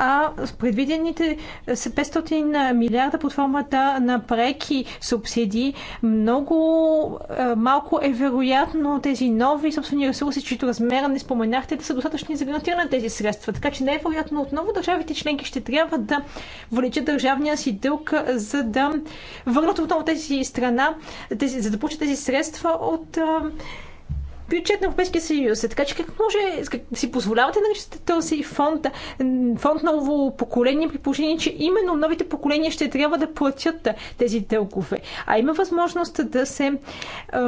а предвидените е, са 500 е, милиарда под формата на преки субсидии. Много е, малко е вероятно тези нови собствени ресурси, чието размера не споменахте, да са достатъчни за гарантиране на тези средства. Така че не е вероятно отново държавите членки ще трябва да увеличат държавния си дълг, за да върнат отново тези страна, тези, за да получат тези средства от бюджет на Европейския съюз. Така че как може как си позволявате да наричате този фонд, фонд ново поколение при положение, че именно новите поколения ще трябва да платят тези дългове. А има възможност да се е,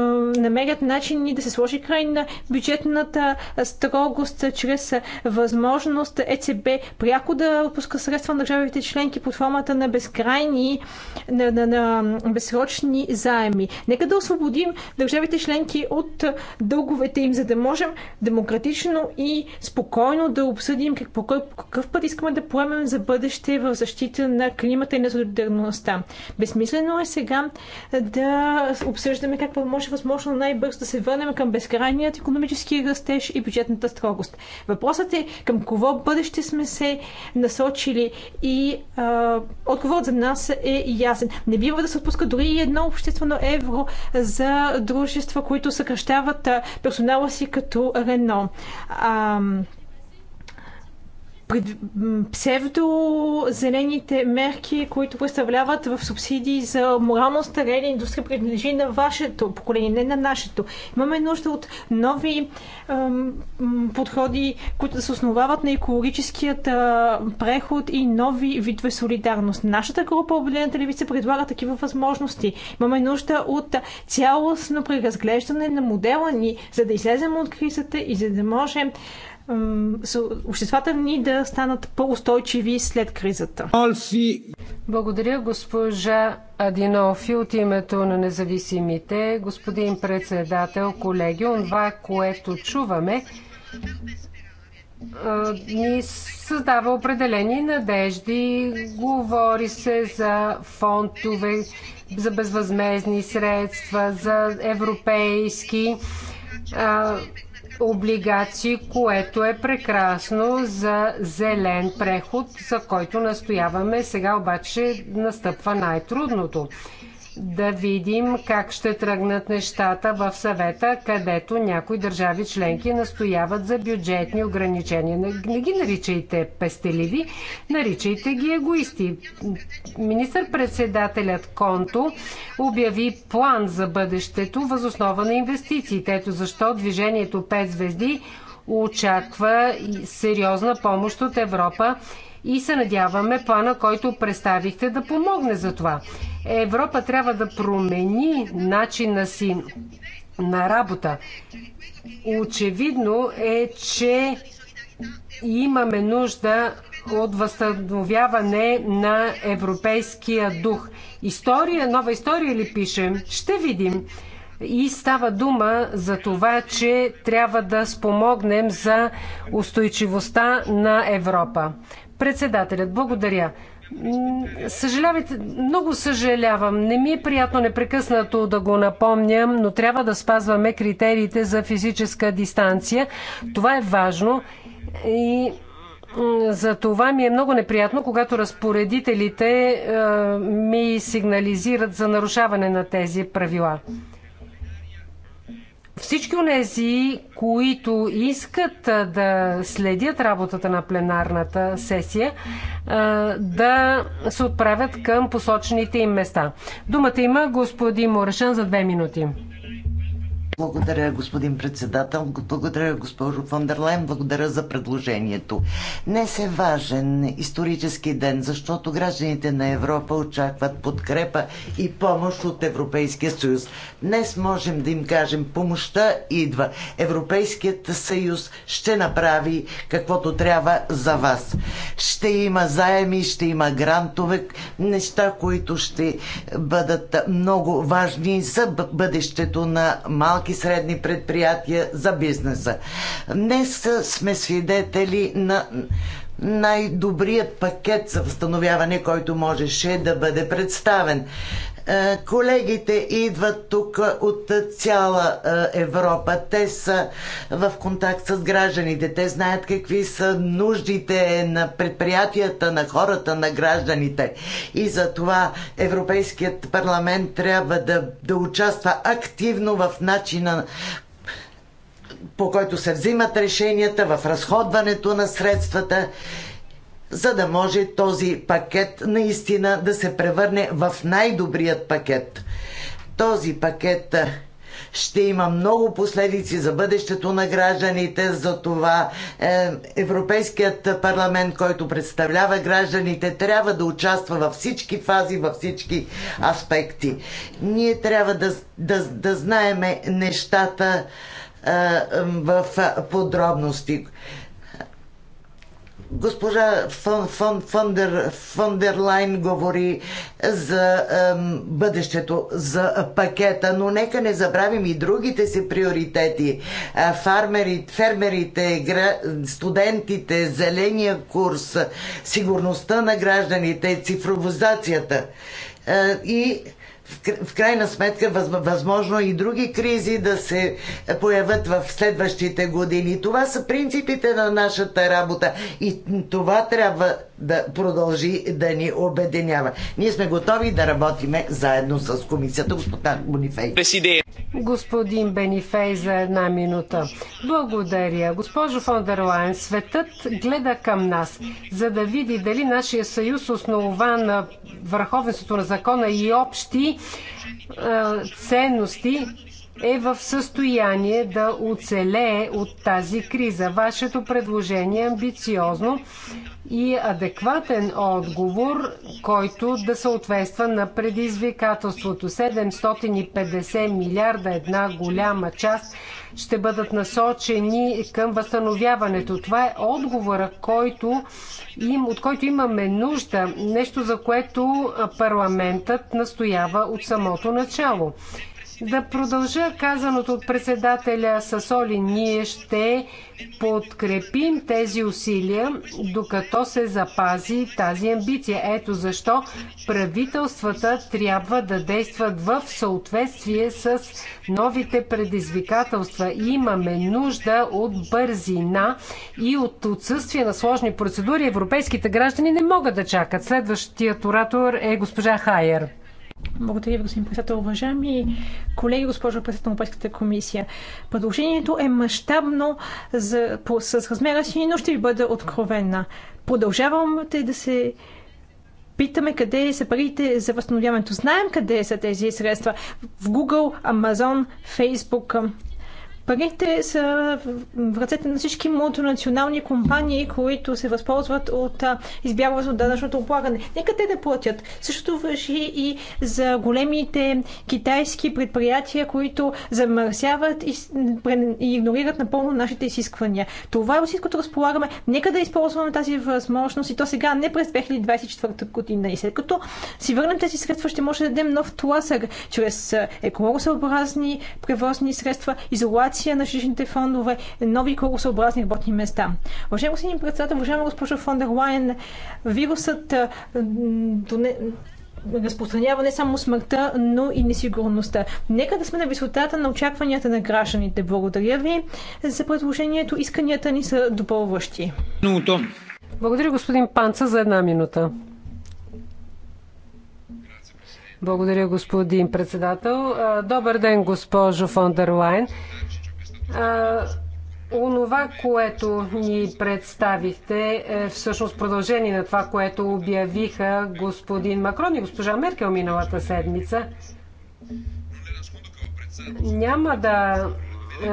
намерят начини да се сложи край на бюджетната строгост чрез възможност ЕЦБ пряко да отпуска средства на държавите членки под формата на безкрайни, на, на, на безсрочни заеми. Нека да освободим държавите членки от дълго дълговете им, за да можем демократично и спокойно да обсъдим какво, какъв път искаме да поемем за бъдеще в защита на климата и на солидарността. Безмислено е сега да обсъждаме как може възможно най-бързо да се върнем към безкрайният економически растеж и бюджетната строгост. Въпросът е към кого бъдеще сме се насочили и а, отговорът за нас е ясен. Не бива да се отпуска дори и едно обществено евро за дружества, които съкръщават персонала си като Рено. А, псевдозелените мерки, които представляват в субсидии за морално старение индустрия, принадлежи на вашето поколение, не на нашето. Имаме нужда от нови ем, подходи, които да се основават на екологическият е, преход и нови видове солидарност. Нашата група Обединената левица предлага такива възможности. Имаме нужда от цялостно преразглеждане на модела ни, за да излезем от кризата и за да можем обществата ни да станат по-устойчиви след кризата. Благодаря госпожа Адинофи от името на независимите. Господин председател, колеги, това, което чуваме, ни създава определени надежди. Говори се за фондове, за безвъзмезни средства, за европейски облигации, което е прекрасно за зелен преход, за който настояваме. Сега обаче настъпва най-трудното да видим как ще тръгнат нещата в съвета, където някои държави членки настояват за бюджетни ограничения. Не ги наричайте пестеливи, наричайте ги егоисти. Министър-председателят Конто обяви план за бъдещето възоснова на инвестициите. Ето защо движението 5 звезди очаква сериозна помощ от Европа и се надяваме плана, който представихте, да помогне за това. Европа трябва да промени начина си на работа. Очевидно е, че имаме нужда от възстановяване на европейския дух. История, нова история ли пишем? Ще видим. И става дума за това, че трябва да спомогнем за устойчивостта на Европа. Председателят, благодаря. Съжалявайте, много съжалявам. Не ми е приятно непрекъснато да го напомням, но трябва да спазваме критериите за физическа дистанция. Това е важно и за това ми е много неприятно, когато разпоредителите е, ми сигнализират за нарушаване на тези правила всички онези, които искат да следят работата на пленарната сесия, да се отправят към посочените им места. Думата има господин Морешан за две минути. Благодаря, господин председател. Благодаря, госпожо Фондерлайн. Благодаря за предложението. Днес е важен исторически ден, защото гражданите на Европа очакват подкрепа и помощ от Европейския съюз. Днес можем да им кажем помощта идва. Европейският съюз ще направи каквото трябва за вас. Ще има заеми, ще има грантове, неща, които ще бъдат много важни за бъдещето на малки малки и средни предприятия, за бизнеса. Днес сме свидетели на най-добрият пакет за възстановяване, който можеше да бъде представен. Е, колегите идват тук от цяла е, Европа. Те са в контакт с гражданите. Те знаят какви са нуждите на предприятията, на хората, на гражданите. И за това Европейският парламент трябва да, да участва активно в начина по който се взимат решенията, в разходването на средствата за да може този пакет наистина да се превърне в най-добрият пакет. Този пакет ще има много последици за бъдещето на гражданите, за това е, Европейският парламент, който представлява гражданите, трябва да участва във всички фази, във всички аспекти. Ние трябва да, да, да знаеме нещата е, в подробности. Госпожа Фон, Фон, дер Фондерлайн говори за ем, бъдещето, за пакета, но нека не забравим и другите си приоритети. Е, фармери, фермерите, гра, студентите, зеления курс, сигурността на гражданите, цифровизацията. Е, и в крайна сметка възможно е и други кризи да се появят в следващите години. Това са принципите на нашата работа и това трябва да продължи да ни обединява. Ние сме готови да работиме заедно с комисията, господа Бонифей. Господин Бенифей за една минута. Благодаря. Госпожо фон дер Лайн, светът гледа към нас, за да види дали нашия съюз основа на върховенството на закона и общи ценности е в състояние да оцелее от тази криза. Вашето предложение е амбициозно и адекватен отговор, който да съответства на предизвикателството. 750 милиарда, една голяма част, ще бъдат насочени към възстановяването. Това е отговора, който им, от който имаме нужда, нещо за което парламентът настоява от самото начало. Да продължа казаното от председателя Сасоли. Ние ще подкрепим тези усилия, докато се запази тази амбиция. Ето защо правителствата трябва да действат в съответствие с новите предизвикателства. Имаме нужда от бързина и от отсъствие на сложни процедури. Европейските граждани не могат да чакат. Следващият оратор е госпожа Хайер. Благодаря, господин председател. Уважаеми колеги, госпожо председател на Европейската комисия, предложението е мащабно за, по, с размера си, но ще ви бъда откровена. Продължаваме да се питаме къде са парите за възстановяването. Знаем къде са тези средства. В Google, Amazon, Facebook, Парите са в ръцете на всички мултинационални компании, които се възползват от избягване от данъчното облагане. Нека те да платят. Същото въжи и за големите китайски предприятия, които замърсяват и, игнорират напълно нашите изисквания. Това е което разполагаме. Нека да използваме тази възможност и то сега, не през 2024 година. И след като си върнем тези средства, ще може да дадем нов тласък чрез екологосъобразни превозни средства, изолация активация на жилищните фондове, нови колосообразни работни места. Уважаеми господин председател, уважаема госпожо фон дер Лайен, вирусът разпространява не само смъртта, но и несигурността. Нека да сме на висотата на очакванията на гражданите. Благодаря ви за предложението. Исканията ни са допълващи. Благодаря господин Панца за една минута. Благодаря, господин председател. Добър ден, госпожо фон дер Лайн онова, което ни представихте, е всъщност продължение на това, което обявиха господин Макрон и госпожа Меркел миналата седмица. Няма да е,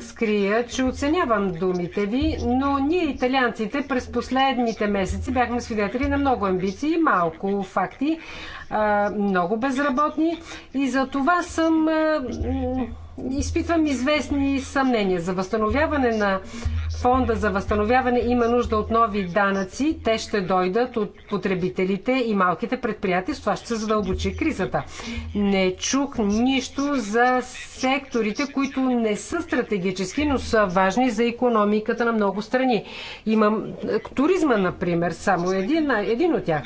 скрия, че оценявам думите ви, но ние, италианците, през последните месеци бяхме свидетели на много амбиции и малко факти много безработни и за това съм изпитвам известни съмнения. За възстановяване на фонда за възстановяване има нужда от нови данъци. Те ще дойдат от потребителите и малките предприятия. С това ще се задълбочи кризата. Не чух нищо за секторите, които не са стратегически, но са важни за економиката на много страни. Имам туризма, например, само един, един от тях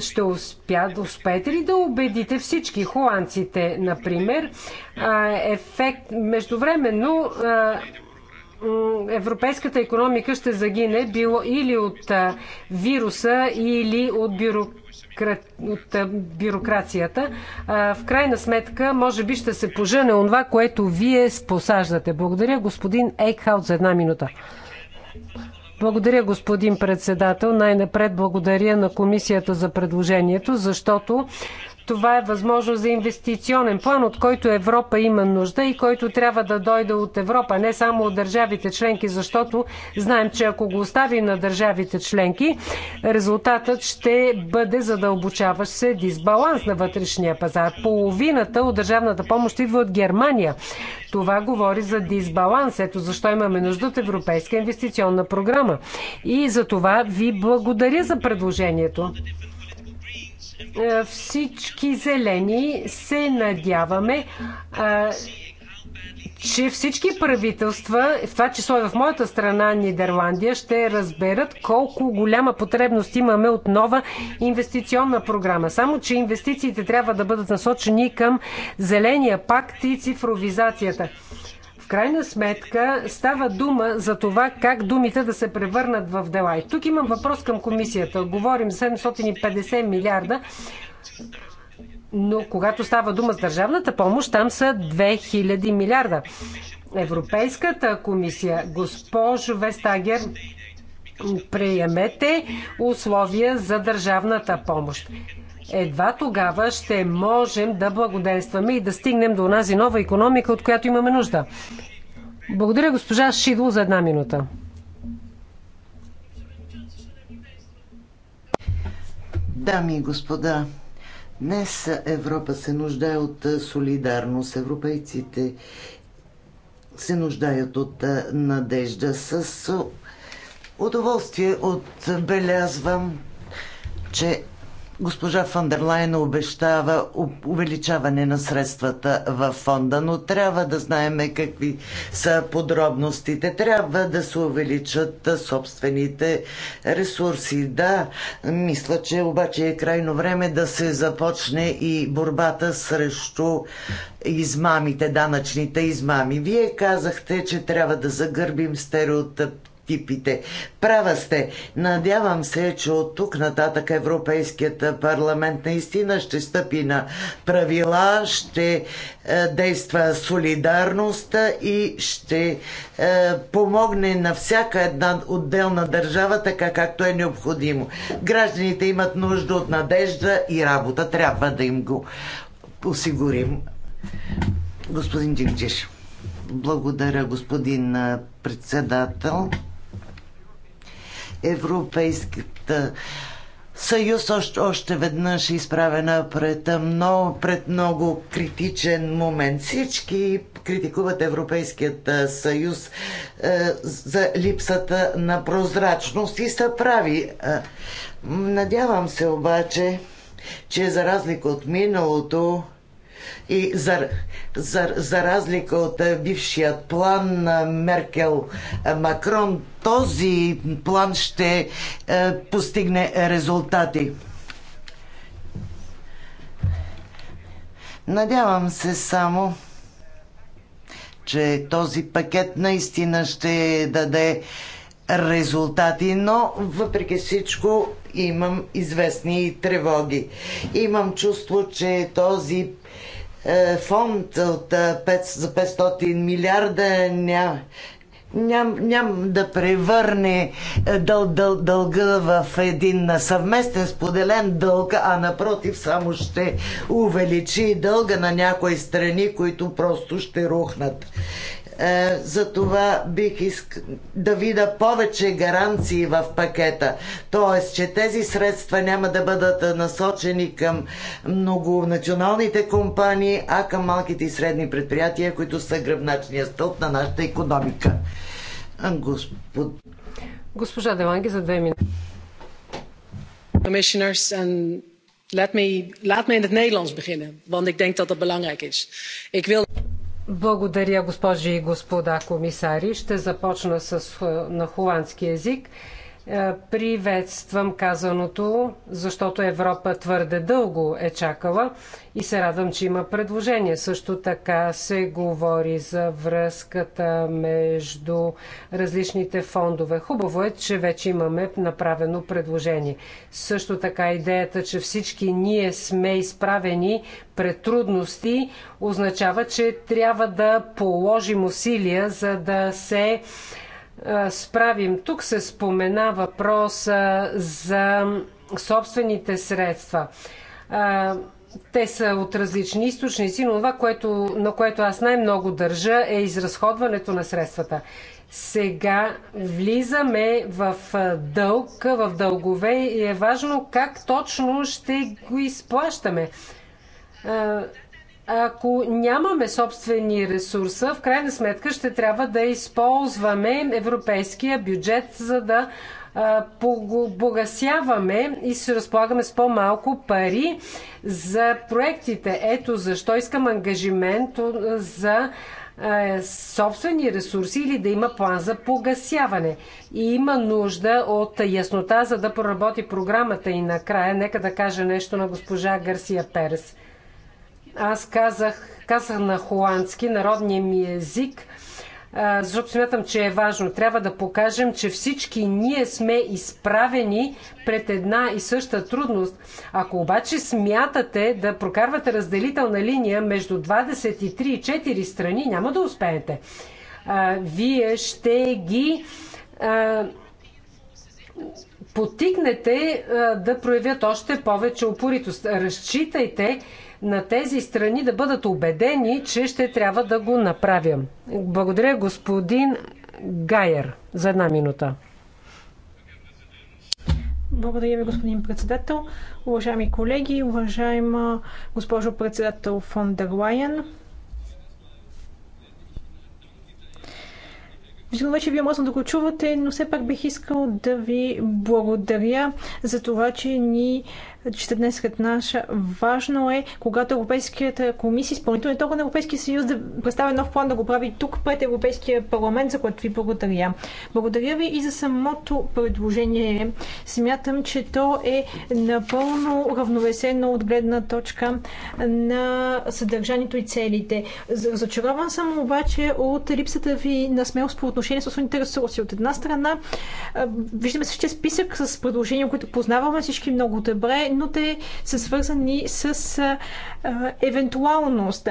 ще успя, успеете ли да убедите всички холандците, например, ефект, междувременно европейската економика ще загине било или от вируса, или от, от бюрокрацията. В крайна сметка, може би ще се пожене онова, което вие посаждате. Благодаря, господин Ейкхаут, за една минута. Благодаря, господин председател. Най-напред благодаря на комисията за предложението, защото това е възможност за инвестиционен план, от който Европа има нужда и който трябва да дойде от Европа, не само от държавите членки, защото знаем, че ако го остави на държавите членки, резултатът ще бъде задълбочаващ се дисбаланс на вътрешния пазар. Половината от държавната помощ идва от Германия. Това говори за дисбаланс. Ето защо имаме нужда от Европейска инвестиционна програма. И за това ви благодаря за предложението. Е, всички зелени се надяваме, че всички правителства, в това число и в моята страна Нидерландия, ще разберат колко голяма потребност имаме от нова инвестиционна програма. Само, че инвестициите трябва да бъдат насочени към зеления пакт и цифровизацията. В крайна сметка става дума за това как думите да се превърнат в дела. И тук имам въпрос към комисията. Говорим 750 милиарда, но когато става дума с държавната помощ, там са 2000 милиарда. Европейската комисия, госпожо Вестагер, приемете условия за държавната помощ. Едва тогава ще можем да благоденстваме и да стигнем до онази нова економика, от която имаме нужда. Благодаря госпожа Шидло за една минута. Дами и господа, днес Европа се нуждае от солидарност. Европейците се нуждаят от надежда. С удоволствие отбелязвам, че Госпожа Фандерлайн обещава увеличаване на средствата в фонда, но трябва да знаем какви са подробностите. Трябва да се увеличат собствените ресурси. Да, мисля, че обаче е крайно време да се започне и борбата срещу измамите, данъчните измами. Вие казахте, че трябва да загърбим стереотипите стереотипите. Права сте. Надявам се, че от тук нататък Европейският парламент наистина ще стъпи на правила, ще е, действа солидарност и ще е, помогне на всяка една отделна държава, така както е необходимо. Гражданите имат нужда от надежда и работа. Трябва да им го осигурим. Господин Джинчиш. Благодаря, господин е, председател. Европейската съюз още, още веднъж е изправена пред много, пред много критичен момент. Всички критикуват Европейският съюз е, за липсата на прозрачност и са прави. Надявам се обаче, че за разлика от миналото, и за, за, за разлика от бившият план на Меркел Макрон, този план ще е, постигне резултати. Надявам се само, че този пакет наистина ще даде резултати, но въпреки всичко имам известни тревоги. Имам чувство, че този е, фонд от 5, е, за 500 милиарда няма ням, ням да превърне е, дъл, дъл, дълга в един съвместен споделен дълг, а напротив само ще увеличи дълга на някои страни, които просто ще рухнат. Е, за това бих искал да видя повече гаранции в пакета. Тоест, че тези средства няма да бъдат насочени към многонационалните компании, а към малките и средни предприятия, които са гръбначния стълб на нашата економика. Господ... Госпожа Деванги, за две минути. Commissioners and let me, let me in het Nederlands beginnen, want ik denk dat dat belangrijk is. Ik wil... Благодаря, госпожи и господа комисари. Ще започна с, е, на холандски язик. Е, приветствам казаното, защото Европа твърде дълго е чакала и се радвам, че има предложение. Също така се говори за връзката между различните фондове. Хубаво е, че вече имаме направено предложение. Също така идеята, че всички ние сме изправени пред трудности, означава, че трябва да положим усилия, за да се справим. Тук се спомена въпроса за собствените средства. Те са от различни източници, но това, което, на което аз най-много държа, е изразходването на средствата. Сега влизаме в дълг, в дългове и е важно как точно ще го изплащаме ако нямаме собствени ресурса, в крайна сметка ще трябва да използваме европейския бюджет, за да погасяваме и се разполагаме с по-малко пари за проектите. Ето защо искам ангажимент за собствени ресурси или да има план за погасяване. И има нужда от яснота, за да проработи програмата. И накрая, нека да кажа нещо на госпожа Гарсия Перес – аз казах, казах на холандски, народния ми език, защото смятам, че е важно. Трябва да покажем, че всички ние сме изправени пред една и съща трудност. Ако обаче смятате да прокарвате разделителна линия между 23 и 4 страни, няма да успеете. Вие ще ги потикнете да проявят още повече упоритост. Разчитайте, на тези страни да бъдат убедени, че ще трябва да го направя. Благодаря господин Гайер за една минута. Благодаря ви, господин председател. Уважаеми колеги, уважаема госпожо председател фон дер Лайен. Виждам вече вие можете да го чувате, но все пак бих искал да ви благодаря за това, че ни че днес като наша Важно е, когато Европейската комисия, изпълнителният орган на Европейския съюз да представя нов план да го прави тук пред Европейския парламент, за което ви благодаря. Благодаря ви и за самото предложение. Смятам, че то е напълно равновесено от гледна точка на съдържанието и целите. Разочарован съм обаче от липсата ви на смелост по отношение с основните ресурси. От една страна, виждаме същия списък с предложения, които познаваме всички много добре, но те са свързани с евентуалност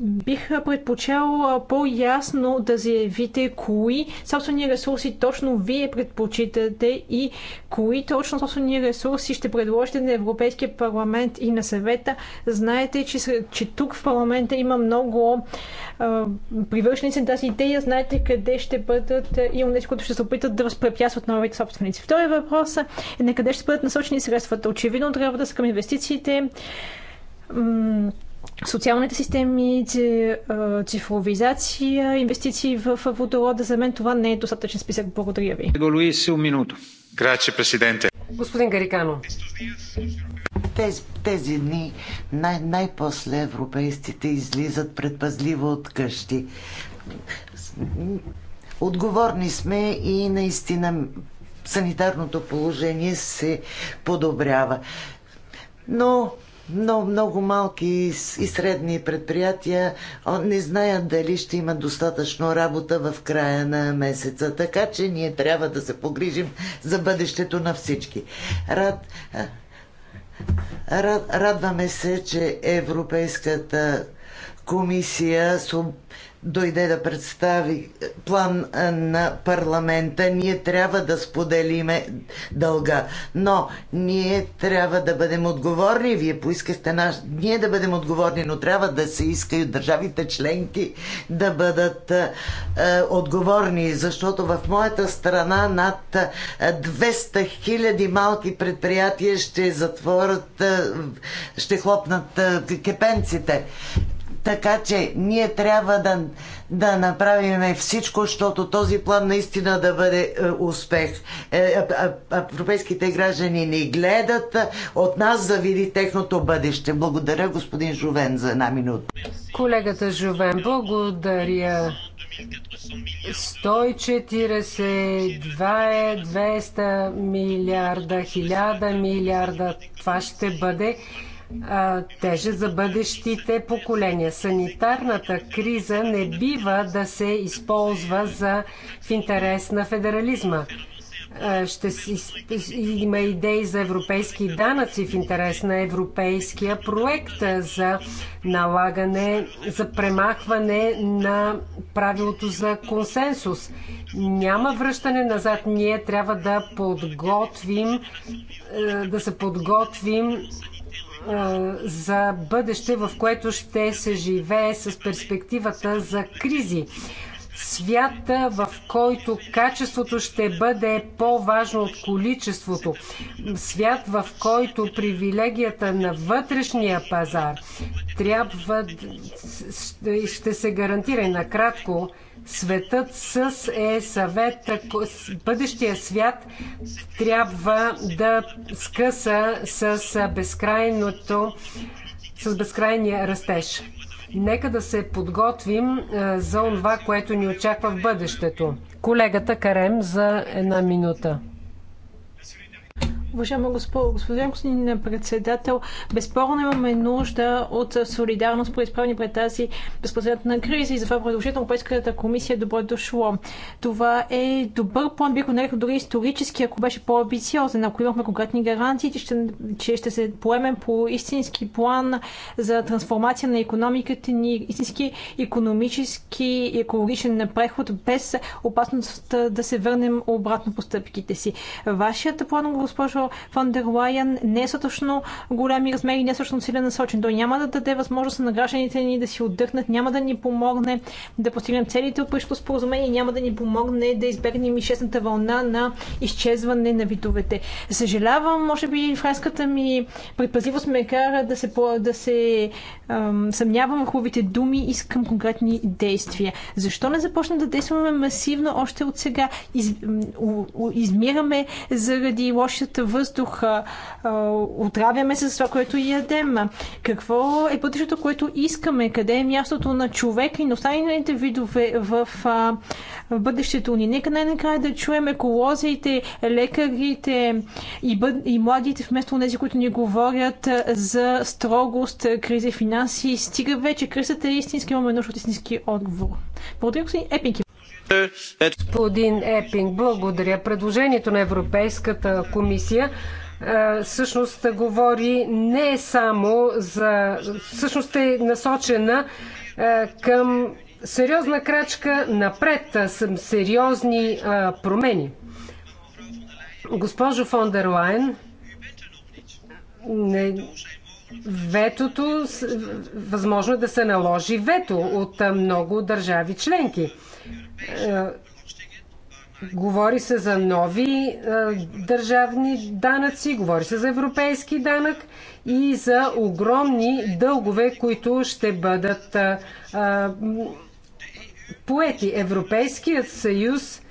бих предпочел по-ясно да заявите кои собствени ресурси точно вие предпочитате и кои точно собствени ресурси ще предложите на Европейския парламент и на съвета. Знаете, че, че тук в парламента има много привършници на тази идея. Знаете къде ще бъдат и онези, които ще се опитат да възпрепятстват новите собственици. Втори въпрос е на къде ще бъдат насочени средствата. Очевидно трябва да са към инвестициите социалните системи, цифровизация, инвестиции в водорода. За мен това не е достатъчен списък. Благодаря ви. Господин Гарикано. Тези, тези дни най- най-после европейците излизат предпазливо от къщи. Отговорни сме и наистина санитарното положение се подобрява. Но много, много малки и средни предприятия не знаят дали ще имат достатъчно работа в края на месеца. Така че ние трябва да се погрижим за бъдещето на всички. Рад, рад, радваме се, че Европейската комисия дойде да представи е, план е, на парламента, ние трябва да споделиме дълга. Но ние трябва да бъдем отговорни. Вие поискахте наш... Ние да бъдем отговорни, но трябва да се иска и от държавите членки да бъдат е, е отговорни, защото в моята страна над 200 хиляди малки предприятия ще затворят, е, ще хлопнат е, кепенците. Така че ние трябва да, да направим всичко, защото този план наистина да бъде е, успех. Е, е, е, европейските граждани ни гледат, от нас завиди техното бъдеще. Благодаря, господин Жовен, за една минута. Колегата Жовен, благодаря. 140, 200 е милиарда, 1000 милиарда, това ще бъде тежест за бъдещите поколения. Санитарната криза не бива да се използва за, в интерес на федерализма. Ще има идеи за европейски данъци в интерес на европейския проект за налагане, за премахване на правилото за консенсус. Няма връщане назад. Ние трябва да подготвим, да се подготвим за бъдеще, в което ще се живее с перспективата за кризи. Свят, в който качеството ще бъде по-важно от количеството. Свят, в който привилегията на вътрешния пазар трябва ще се гарантира и накратко Светът с е съвет, бъдещия свят трябва да скъса с безкрайното, с безкрайния растеж. Нека да се подготвим е, за това, което ни очаква в бъдещето. Колегата Карем за една минута. Уважаема господин, господин председател, безспорно имаме нужда от солидарност по изправни пред тази безпредседателна криза и това предложението на Европейската комисия е добре дошло. Това е добър план, бих го нарекал дори исторически, ако беше по-амбициозен, ако имахме конкретни гарантии, че ще, че ще се поемем по истински план за трансформация на економиката ни, истински економически и екологичен преход, без опасност да се върнем обратно по стъпките си. Вашият план, госпожо госпожо Фон дер Лайен, не е точно големи размери, не е силен насочен. Той няма да даде възможност на гражданите ни да си отдъхнат, няма да ни помогне да постигнем целите от Парижското споразумение, няма да ни помогне да избегнем и шестната вълна на изчезване на видовете. Съжалявам, може би франската ми предпазливост ме кара да се, да се ам, съмнявам в хубавите думи, искам конкретни действия. Защо не започнем да действаме масивно още от сега? Из, у, у, измираме заради лошата въздух, отравяме се с това, което ядем. Какво е пътището, което искаме? Къде е мястото на човек и на останалите видове в, в бъдещето ни? Нека най-накрая да чуем еколозиите, лекарите и, бъд... и младите, вместо тези, които ни говорят за строгост, кризи, финанси. Стига вече кризата е истински, имаме нужда от истински отговор. Благодаря, господин Епинки. Господин Епинг, благодаря. Предложението на Европейската комисия е, всъщност говори не само за... всъщност е насочена е, към сериозна крачка напред, сериозни е, промени. Госпожо фон дер Лайн, не, ветото, възможно да се наложи вето от много държави членки. Е, говори се за нови е, държавни данъци, говори се за европейски данък и за огромни дългове, които ще бъдат е, поети. Европейският съюз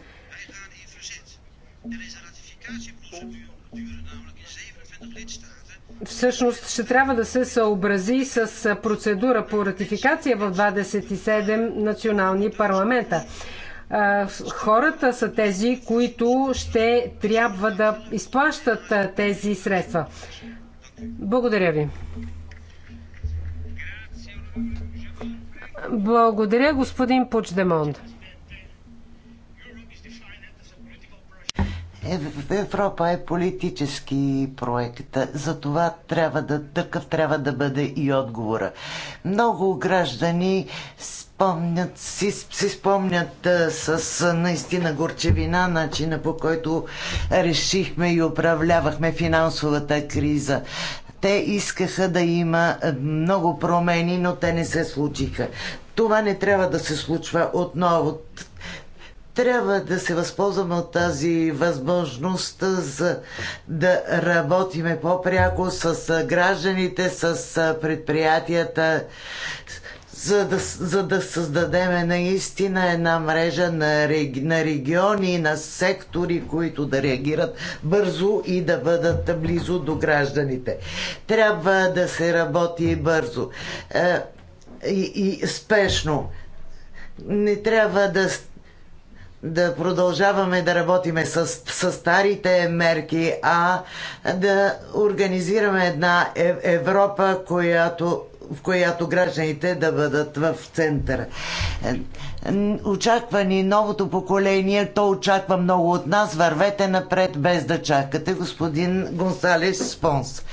всъщност ще трябва да се съобрази с процедура по ратификация в 27 национални парламента. Хората са тези, които ще трябва да изплащат тези средства. Благодаря ви. Благодаря, господин Почдемонд. Европа е политически проект. За това трябва да, такъв трябва да бъде и отговора. Много граждани спомнят, си, си спомнят с наистина горчевина начина по който решихме и управлявахме финансовата криза. Те искаха да има много промени, но те не се случиха. Това не трябва да се случва отново трябва да се възползваме от тази възможност за да работиме по-пряко с гражданите, с предприятията, за да, за да създадем наистина една мрежа на, реги, на региони, на сектори, които да реагират бързо и да бъдат близо до гражданите. Трябва да се работи бързо е, и, и спешно. Не трябва да, да продължаваме да работиме с, с старите мерки, а да организираме една е, Европа, която в която гражданите да бъдат в центъра. Очаква ни новото поколение, то очаква много от нас. Вървете напред без да чакате, господин Гонсалес Спонс.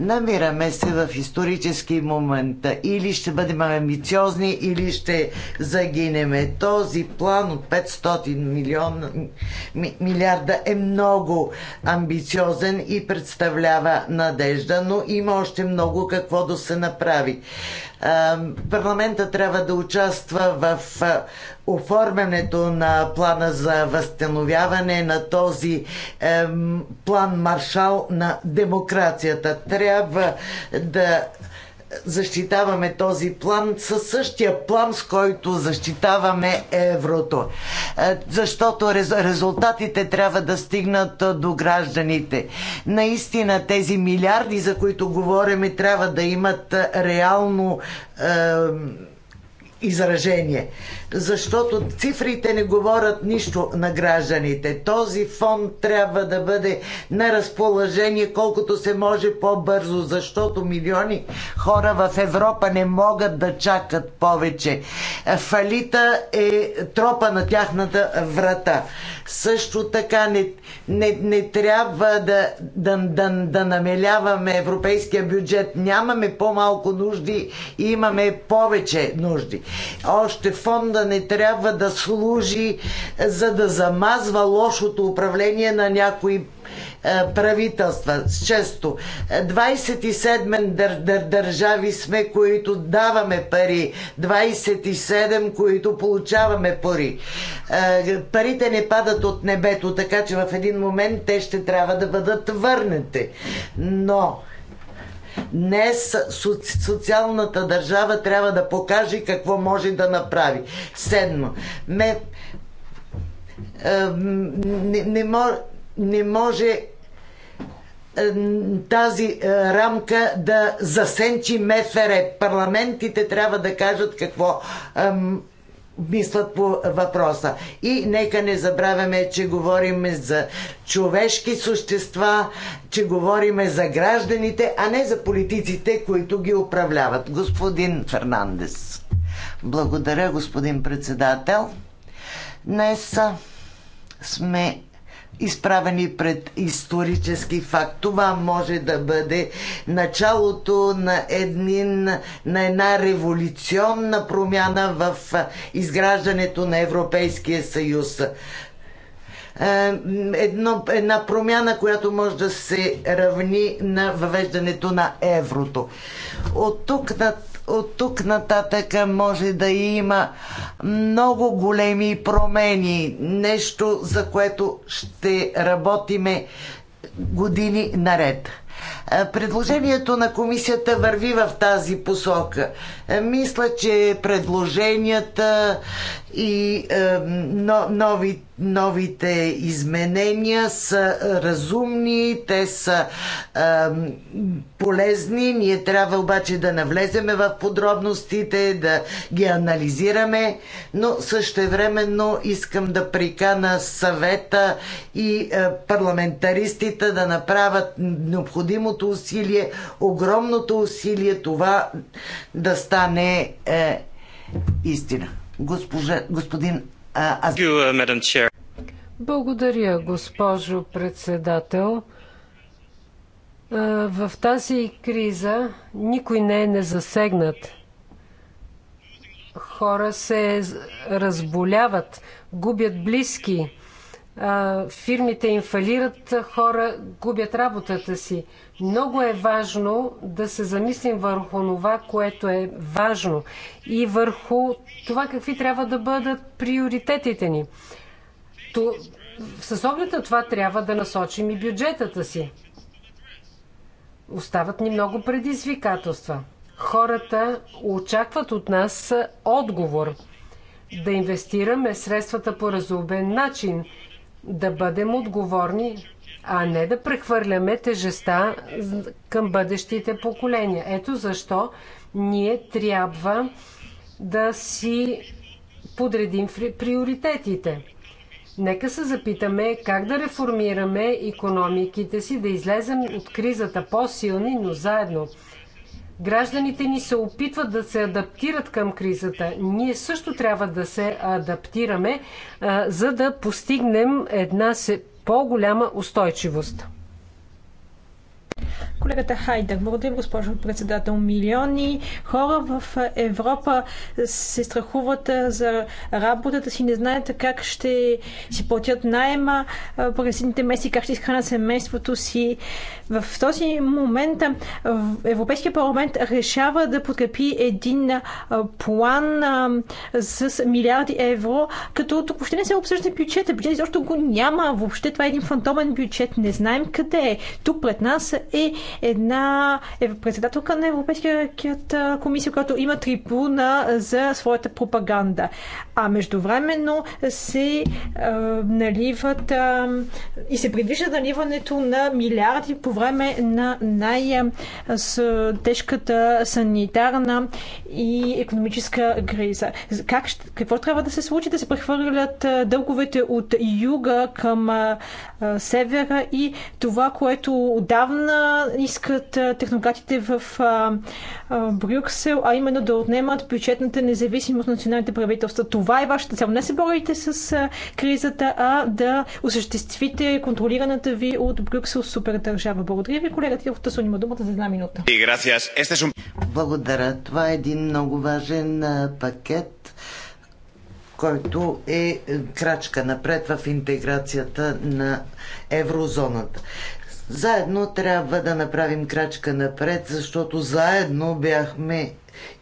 Намираме се в исторически момент. Или ще бъдем амбициозни, или ще загинеме. Този план от 500 милион, ми, милиарда е много амбициозен и представлява надежда, но има още много какво да се направи. Парламента трябва да участва в оформянето на плана за възстановяване на този е, план Маршал на демокрацията. Трябва да защитаваме този план със същия план, с който защитаваме еврото. Е, защото резултатите трябва да стигнат е, до гражданите. Наистина тези милиарди, за които говорим, трябва да имат е, реално е, изражение защото цифрите не говорят нищо на гражданите. Този фонд трябва да бъде на разположение колкото се може по-бързо, защото милиони хора в Европа не могат да чакат повече. Фалита е тропа на тяхната врата. Също така не, не, не трябва да, да, да, да намеляваме европейския бюджет. Нямаме по-малко нужди и имаме повече нужди. Още фонда не трябва да служи за да замазва лошото управление на някои е, правителства. Често 27 държави сме, които даваме пари, 27, които получаваме пари. Е, парите не падат от небето, така че в един момент те ще трябва да бъдат върнете. Но Днес социалната държава трябва да покаже какво може да направи. Седмо. Ме, е, не, не, не може е, тази е, рамка да засенчи МФР. Парламентите трябва да кажат какво мислят по въпроса. И нека не забравяме, че говорим за човешки същества, че говорим за гражданите, а не за политиците, които ги управляват. Господин Фернандес. Благодаря, господин председател. Днес сме изправени пред исторически факт. Това може да бъде началото на, един, на една революционна промяна в изграждането на Европейския съюз. Е, едно, една промяна, която може да се равни на въвеждането на еврото. От тук на от тук нататък може да има много големи промени. Нещо, за което ще работиме години наред. Предложението на комисията върви в тази посока. Мисля, че предложенията и е, но, нови, новите изменения са разумни, те са е, полезни. Ние трябва обаче да навлеземе в подробностите, да ги анализираме, но същевременно искам да прикана съвета и е, парламентаристите да направят необходимото усилие, огромното усилие това да стане е, истина госпожа, господин аз... Uh, Благодаря, госпожо председател. В тази криза никой не е незасегнат. Хора се разболяват, губят близки, фирмите им фалират, хора губят работата си. Много е важно да се замислим върху това, което е важно и върху това какви трябва да бъдат приоритетите ни. То, с оглед на това трябва да насочим и бюджетата си. Остават ни много предизвикателства. Хората очакват от нас отговор. Да инвестираме средствата по разумен начин, да бъдем отговорни, а не да прехвърляме тежеста към бъдещите поколения. Ето защо ние трябва да си подредим приоритетите. Нека се запитаме как да реформираме економиките си, да излезем от кризата по-силни, но заедно. Гражданите ни се опитват да се адаптират към кризата. Ние също трябва да се адаптираме, за да постигнем една по-голяма устойчивост. Колегата Хайда, благодаря госпожо председател. Милиони хора в Европа се страхуват за работата си, не знаят как ще си платят найема през едните месеци, как ще изхранят семейството си. В този момент Европейския парламент решава да подкрепи един план с милиарди евро, като тук въобще не се обсъжда бюджета. Бюджет изобщо го няма. Въобще това е един фантомен бюджет. Не знаем къде е. Тук пред нас е е една председателка на Европейската комисия, която има трибуна за своята пропаганда. А междувременно се а, наливат а, и се предвижда наливането на милиарди по време на най-тежката санитарна и економическа криза. Как, какво трябва да се случи да се прехвърлят дълговете от юга към а, севера и това, което отдавна искат технократите в Брюксел, а именно да отнемат бюджетната независимост на националните правителства. Това е вашата цел. Не се борите с кризата, а да осъществите контролираната ви от Брюксел супердържава. Благодаря ви, колега Тилов Тасун. Има думата за една минута. Благодаря. Това е един много важен пакет който е крачка напред в интеграцията на еврозоната. Заедно трябва да направим крачка напред, защото заедно бяхме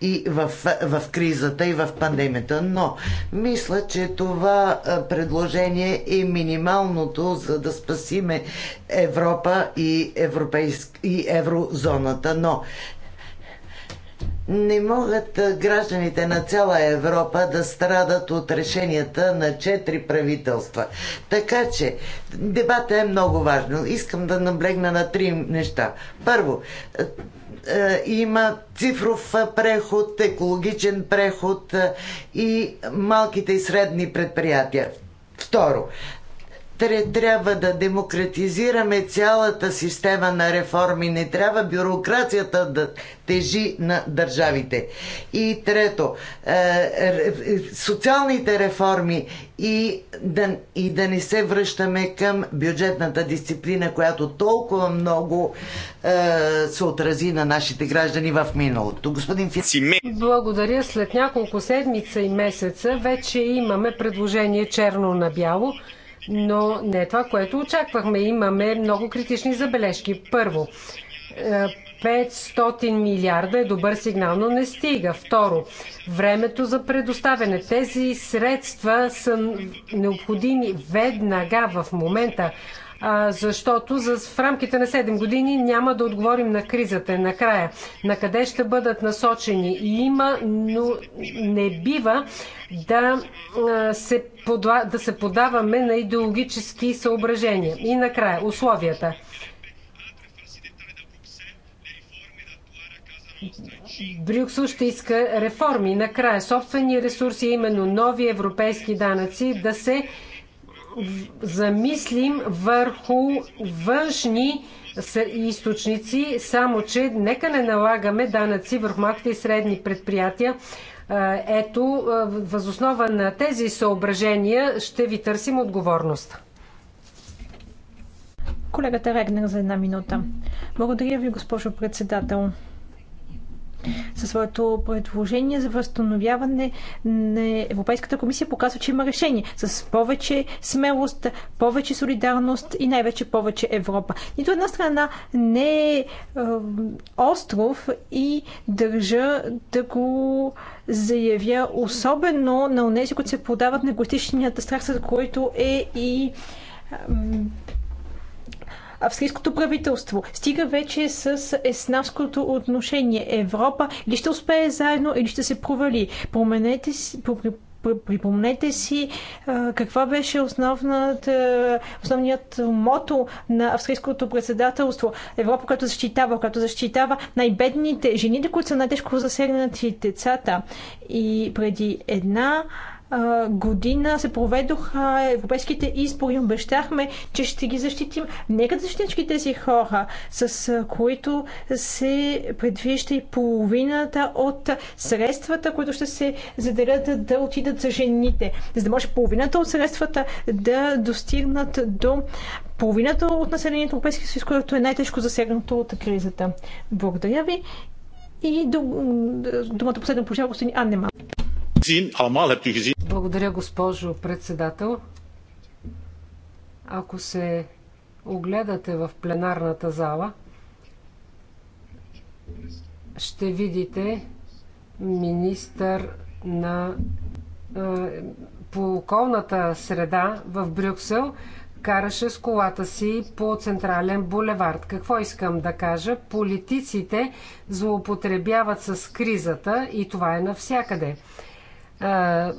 и в, в кризата, и в пандемията. Но мисля, че това предложение е минималното, за да спасиме Европа и, европейск, и еврозоната. Но не могат гражданите на цяла Европа да страдат от решенията на четири правителства. Така че дебата е много важен. Искам да наблегна на три неща. Първо, има цифров преход, екологичен преход и малките и средни предприятия. Второ, трябва да демократизираме цялата система на реформи. Не трябва бюрокрацията да тежи на държавите. И трето, е, е, социалните реформи и да, и да не се връщаме към бюджетната дисциплина, която толкова много е, се отрази на нашите граждани в миналото. Господин Фи... Благодаря. След няколко седмица и месеца вече имаме предложение черно на бяло но не е това, което очаквахме. Имаме много критични забележки. Първо, 500 е, милиарда е добър сигнал, но не стига. Второ, времето за предоставяне. Тези средства са необходими веднага в момента защото в рамките на 7 години няма да отговорим на кризата. Накрая, на къде ще бъдат насочени? Има, но не бива да се, подла... да се подаваме на идеологически съображения. И накрая, условията. Брюксел ще иска реформи. Накрая, собствени ресурси, именно нови европейски данъци, да се замислим върху външни източници, само че нека не налагаме данъци върху малките и средни предприятия. Ето, възоснова на тези съображения ще ви търсим отговорност. Колегата Регнер за една минута. Благодаря ви, госпожо председател със своето предложение за възстановяване на Европейската комисия показва, че има решение с повече смелост, повече солидарност и най-вече повече Европа. Нито една страна не е, е остров и държа да го заявя, особено на унези, които се подават на страх, с който е и австрийското правителство. Стига вече с еснавското отношение. Европа ли ще успее заедно или ще се провали? Променете си, припомнете си каква беше основната, основният мото на австрийското председателство. Европа, която защитава, която защитава най-бедните, жените, които са най-тежко засегнати, децата. И преди една година се проведоха европейските избори. Обещахме, че ще ги защитим. Нека да защитим всички тези хора, с които се предвижда и половината от средствата, които ще се заделят да отидат за жените, за да може половината от средствата да достигнат до половината от населението Европейския съюз, което е най-тежко засегнато от кризата. Благодаря ви и думата последно пожалуйста господин Аннема. Благодаря, госпожо председател. Ако се огледате в пленарната зала, ще видите министър на е, по околната среда в Брюксел караше с колата си по централен булевард. Какво искам да кажа? Политиците злоупотребяват с кризата и това е навсякъде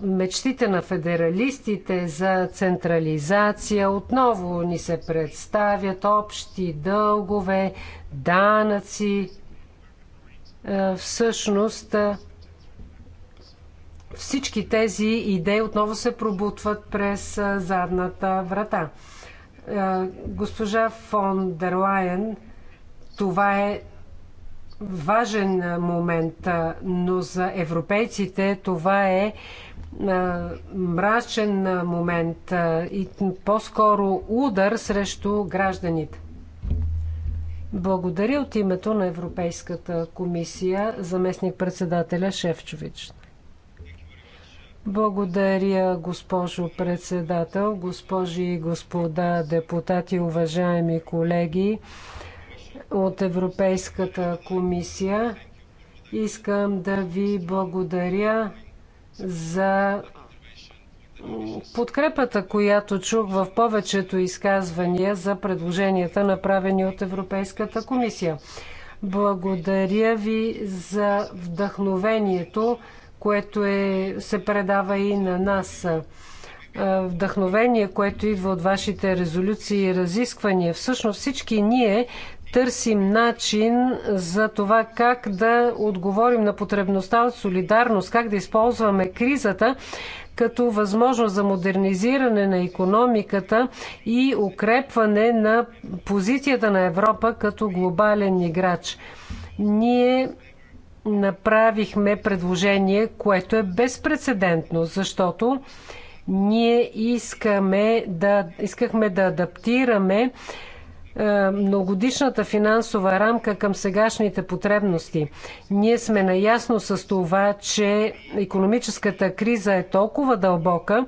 мечтите на федералистите за централизация отново ни се представят общи дългове, данъци. Всъщност всички тези идеи отново се пробутват през задната врата. Госпожа фон дер Лайен, това е важен момент, но за европейците това е мрачен момент и по-скоро удар срещу гражданите. Благодаря от името на Европейската комисия заместник председателя Шефчович. Благодаря, госпожо председател, госпожи и господа депутати, уважаеми колеги от Европейската комисия. Искам да ви благодаря за подкрепата, която чух в повечето изказвания за предложенията, направени от Европейската комисия. Благодаря ви за вдъхновението, което е, се предава и на нас. Вдъхновение, което идва от вашите резолюции и разисквания. Всъщност всички ние търсим начин за това как да отговорим на потребността от солидарност, как да използваме кризата като възможност за модернизиране на економиката и укрепване на позицията на Европа като глобален играч. Ние направихме предложение, което е безпредседентно, защото ние искаме да, искахме да адаптираме е, многодишната финансова рамка към сегашните потребности. Ние сме наясно с това, че економическата криза е толкова дълбока,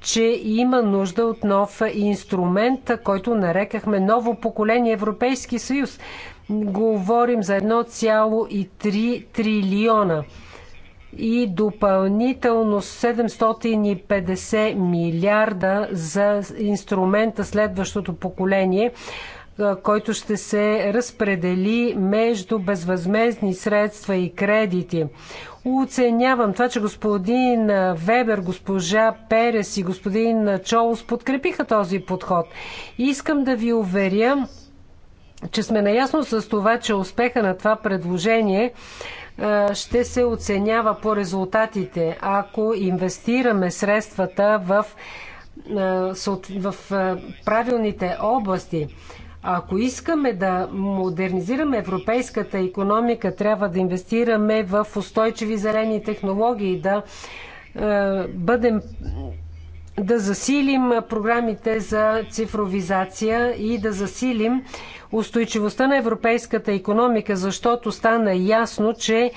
че има нужда от нов инструмент, който нарекахме ново поколение Европейски съюз. Говорим за 1,3 трилиона и допълнително 750 милиарда за инструмента следващото поколение, който ще се разпредели между безвъзмезни средства и кредити. Оценявам това, че господин Вебер, госпожа Перес и господин Чолс подкрепиха този подход. Искам да ви уверя, че сме наясно с това, че успеха на това предложение ще се оценява по резултатите. Ако инвестираме средствата в, в правилните области, ако искаме да модернизираме европейската економика, трябва да инвестираме в устойчиви зелени технологии, да е, бъдем да засилим програмите за цифровизация и да засилим устойчивостта на европейската економика, защото стана ясно, че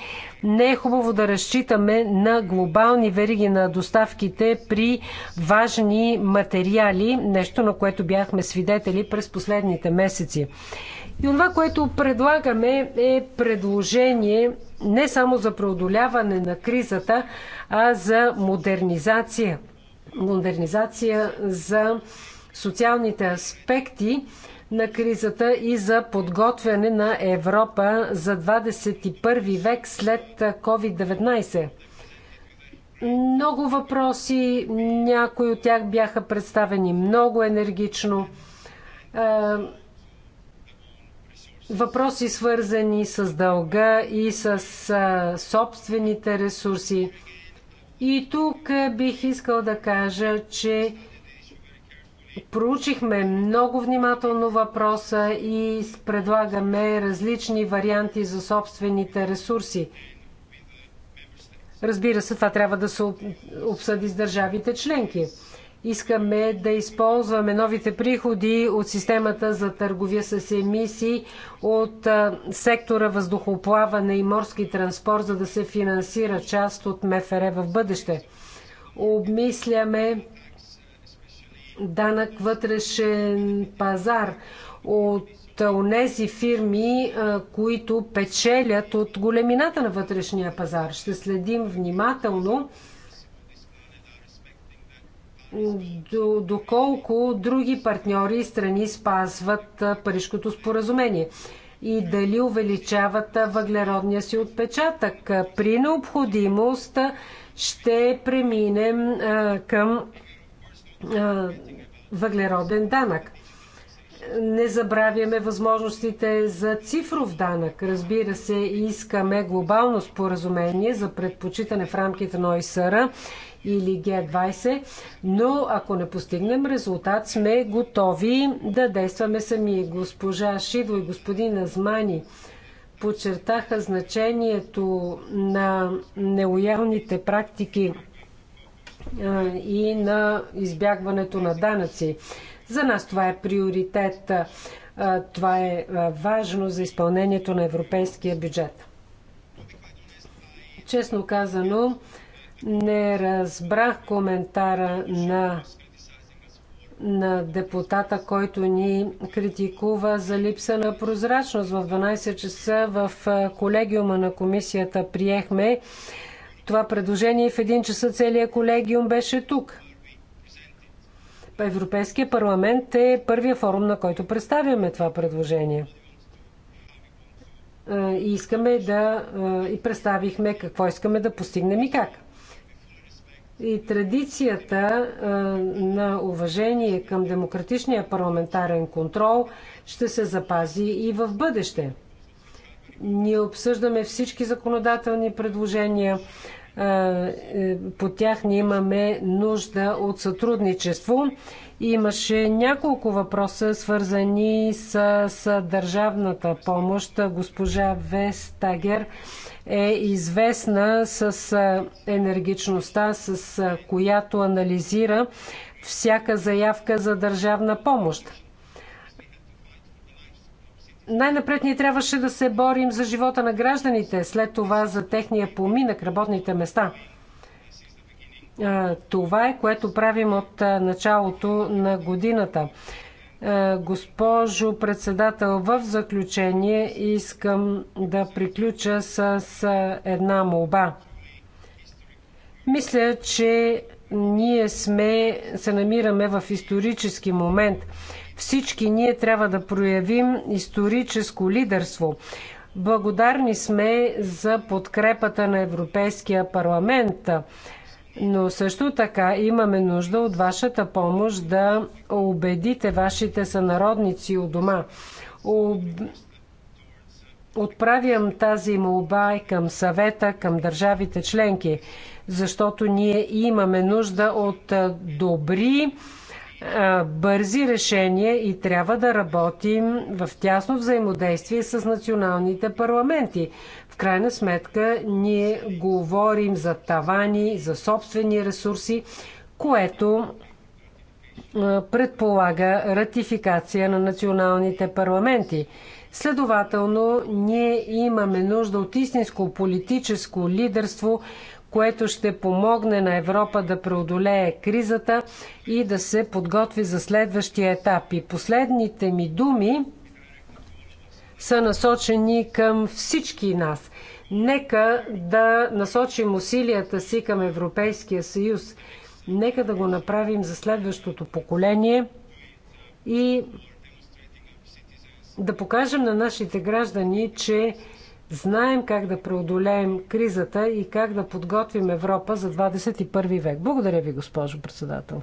не е хубаво да разчитаме на глобални вериги на доставките при важни материали, нещо на което бяхме свидетели през последните месеци. И това, което предлагаме е предложение не само за преодоляване на кризата, а за модернизация – модернизация, за социалните аспекти на кризата и за подготвяне на Европа за 21 век след COVID-19. Много въпроси, някои от тях бяха представени много енергично. Въпроси свързани с дълга и с собствените ресурси и тук бих искал да кажа, че проучихме много внимателно въпроса и предлагаме различни варианти за собствените ресурси. Разбира се, това трябва да се обсъди с държавите членки. Искаме да използваме новите приходи от системата за търговия с емисии от сектора въздухоплаване и морски транспорт, за да се финансира част от МФР в бъдеще. Обмисляме данък вътрешен пазар от онези фирми, които печелят от големината на вътрешния пазар. Ще следим внимателно до, доколко други партньори и страни спазват Парижкото споразумение и дали увеличават въглеродния си отпечатък. При необходимост ще преминем а, към а, въглероден данък. Не забравяме възможностите за цифров данък. Разбира се, искаме глобално споразумение за предпочитане в рамките на ОИСР или Г20, но ако не постигнем резултат, сме готови да действаме сами. Госпожа Шидо и господин Азмани подчертаха значението на нелоялните практики и на избягването на данъци. За нас това е приоритет. Това е важно за изпълнението на европейския бюджет. Честно казано, не разбрах коментара на, на депутата, който ни критикува за липса на прозрачност. В 12 часа в колегиума на комисията приехме това предложение в един часа целият колегиум беше тук. Европейския парламент е първия форум, на който представяме това предложение. И искаме да и представихме какво искаме да постигнем и как и традицията на уважение към демократичния парламентарен контрол ще се запази и в бъдеще. Ние обсъждаме всички законодателни предложения. Е, по тях ние имаме нужда от сътрудничество. Имаше няколко въпроса, свързани с, с държавната помощ. Госпожа Вестагер Тагер е известна с енергичността, с която анализира всяка заявка за държавна помощ. Най-напред ни трябваше да се борим за живота на гражданите, след това за техния поминък, работните места. Това е което правим от началото на годината. Е, госпожо председател, в заключение искам да приключа с една молба. Мисля, че ние сме, се намираме в исторически момент. Всички ние трябва да проявим историческо лидерство. Благодарни сме за подкрепата на Европейския парламент. Но също така имаме нужда от вашата помощ да убедите вашите сънародници у дома. Отправям тази молба и към съвета, към държавите членки, защото ние имаме нужда от добри, бързи решения и трябва да работим в тясно взаимодействие с националните парламенти. В крайна сметка ние говорим за тавани, за собствени ресурси, което предполага ратификация на националните парламенти. Следователно, ние имаме нужда от истинско политическо лидерство, което ще помогне на Европа да преодолее кризата и да се подготви за следващия етап. И последните ми думи са насочени към всички нас. Нека да насочим усилията си към Европейския съюз. Нека да го направим за следващото поколение и да покажем на нашите граждани, че знаем как да преодолеем кризата и как да подготвим Европа за 21 век. Благодаря ви, госпожо председател.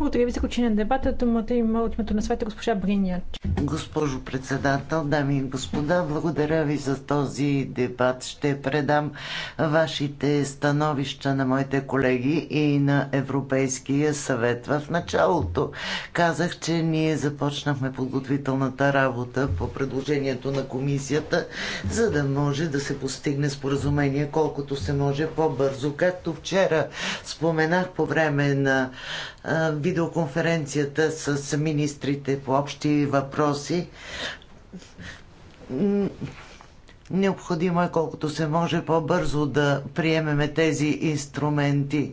Благодаря ви за заключение на дебата. Думата има от името на света госпожа Бриняч. Госпожо председател, дами и господа, благодаря ви за този дебат. Ще предам вашите становища на моите колеги и на Европейския съвет. В началото казах, че ние започнахме подготвителната работа по предложението на комисията, за да може да се постигне споразумение колкото се може по-бързо. Както вчера споменах по време на видеоконференцията с министрите по общи въпроси. Необходимо е колкото се може по-бързо да приемеме тези инструменти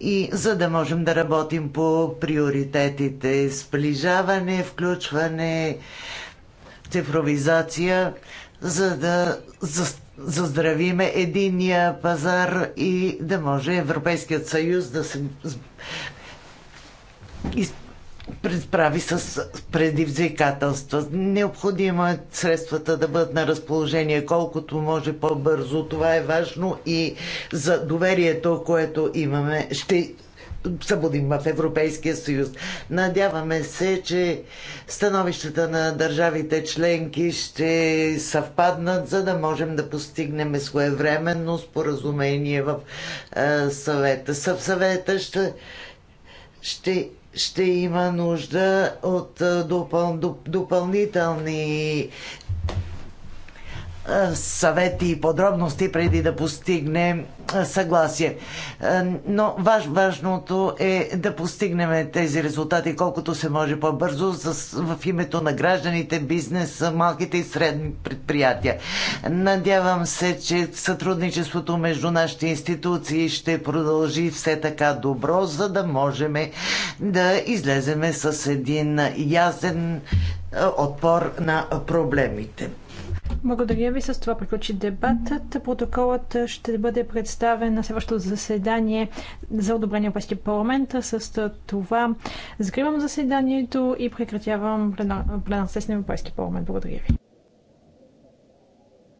и за да можем да работим по приоритетите сближаване, включване, цифровизация, за да заздравиме единия пазар и да може Европейският съюз да се предправи с предизвикателства. Необходимо е средствата да бъдат на разположение колкото може по-бързо. Това е важно и за доверието, което имаме, ще събудим в Европейския съюз. Надяваме се, че становищата на държавите членки ще съвпаднат, за да можем да постигнем своевременно споразумение в е, съвета. Съв съвета ще, ще ще има нужда от допъл, допълнителни е, съвети и подробности преди да постигне е, съгласие. Е, но важ, важното е да постигнем тези резултати колкото се може по-бързо в името на гражданите, бизнес, малките и средни предприятия. Надявам се, че сътрудничеството между нашите институции ще продължи все така добро, за да можем да излеземе с един ясен отпор на проблемите. Благодаря ви. С това приключи дебатът. Протоколът ще бъде представен на следващото заседание за одобрение в парламента. С това закривам заседанието и прекратявам пленарната сесия на Европейския парламент. Благодаря ви.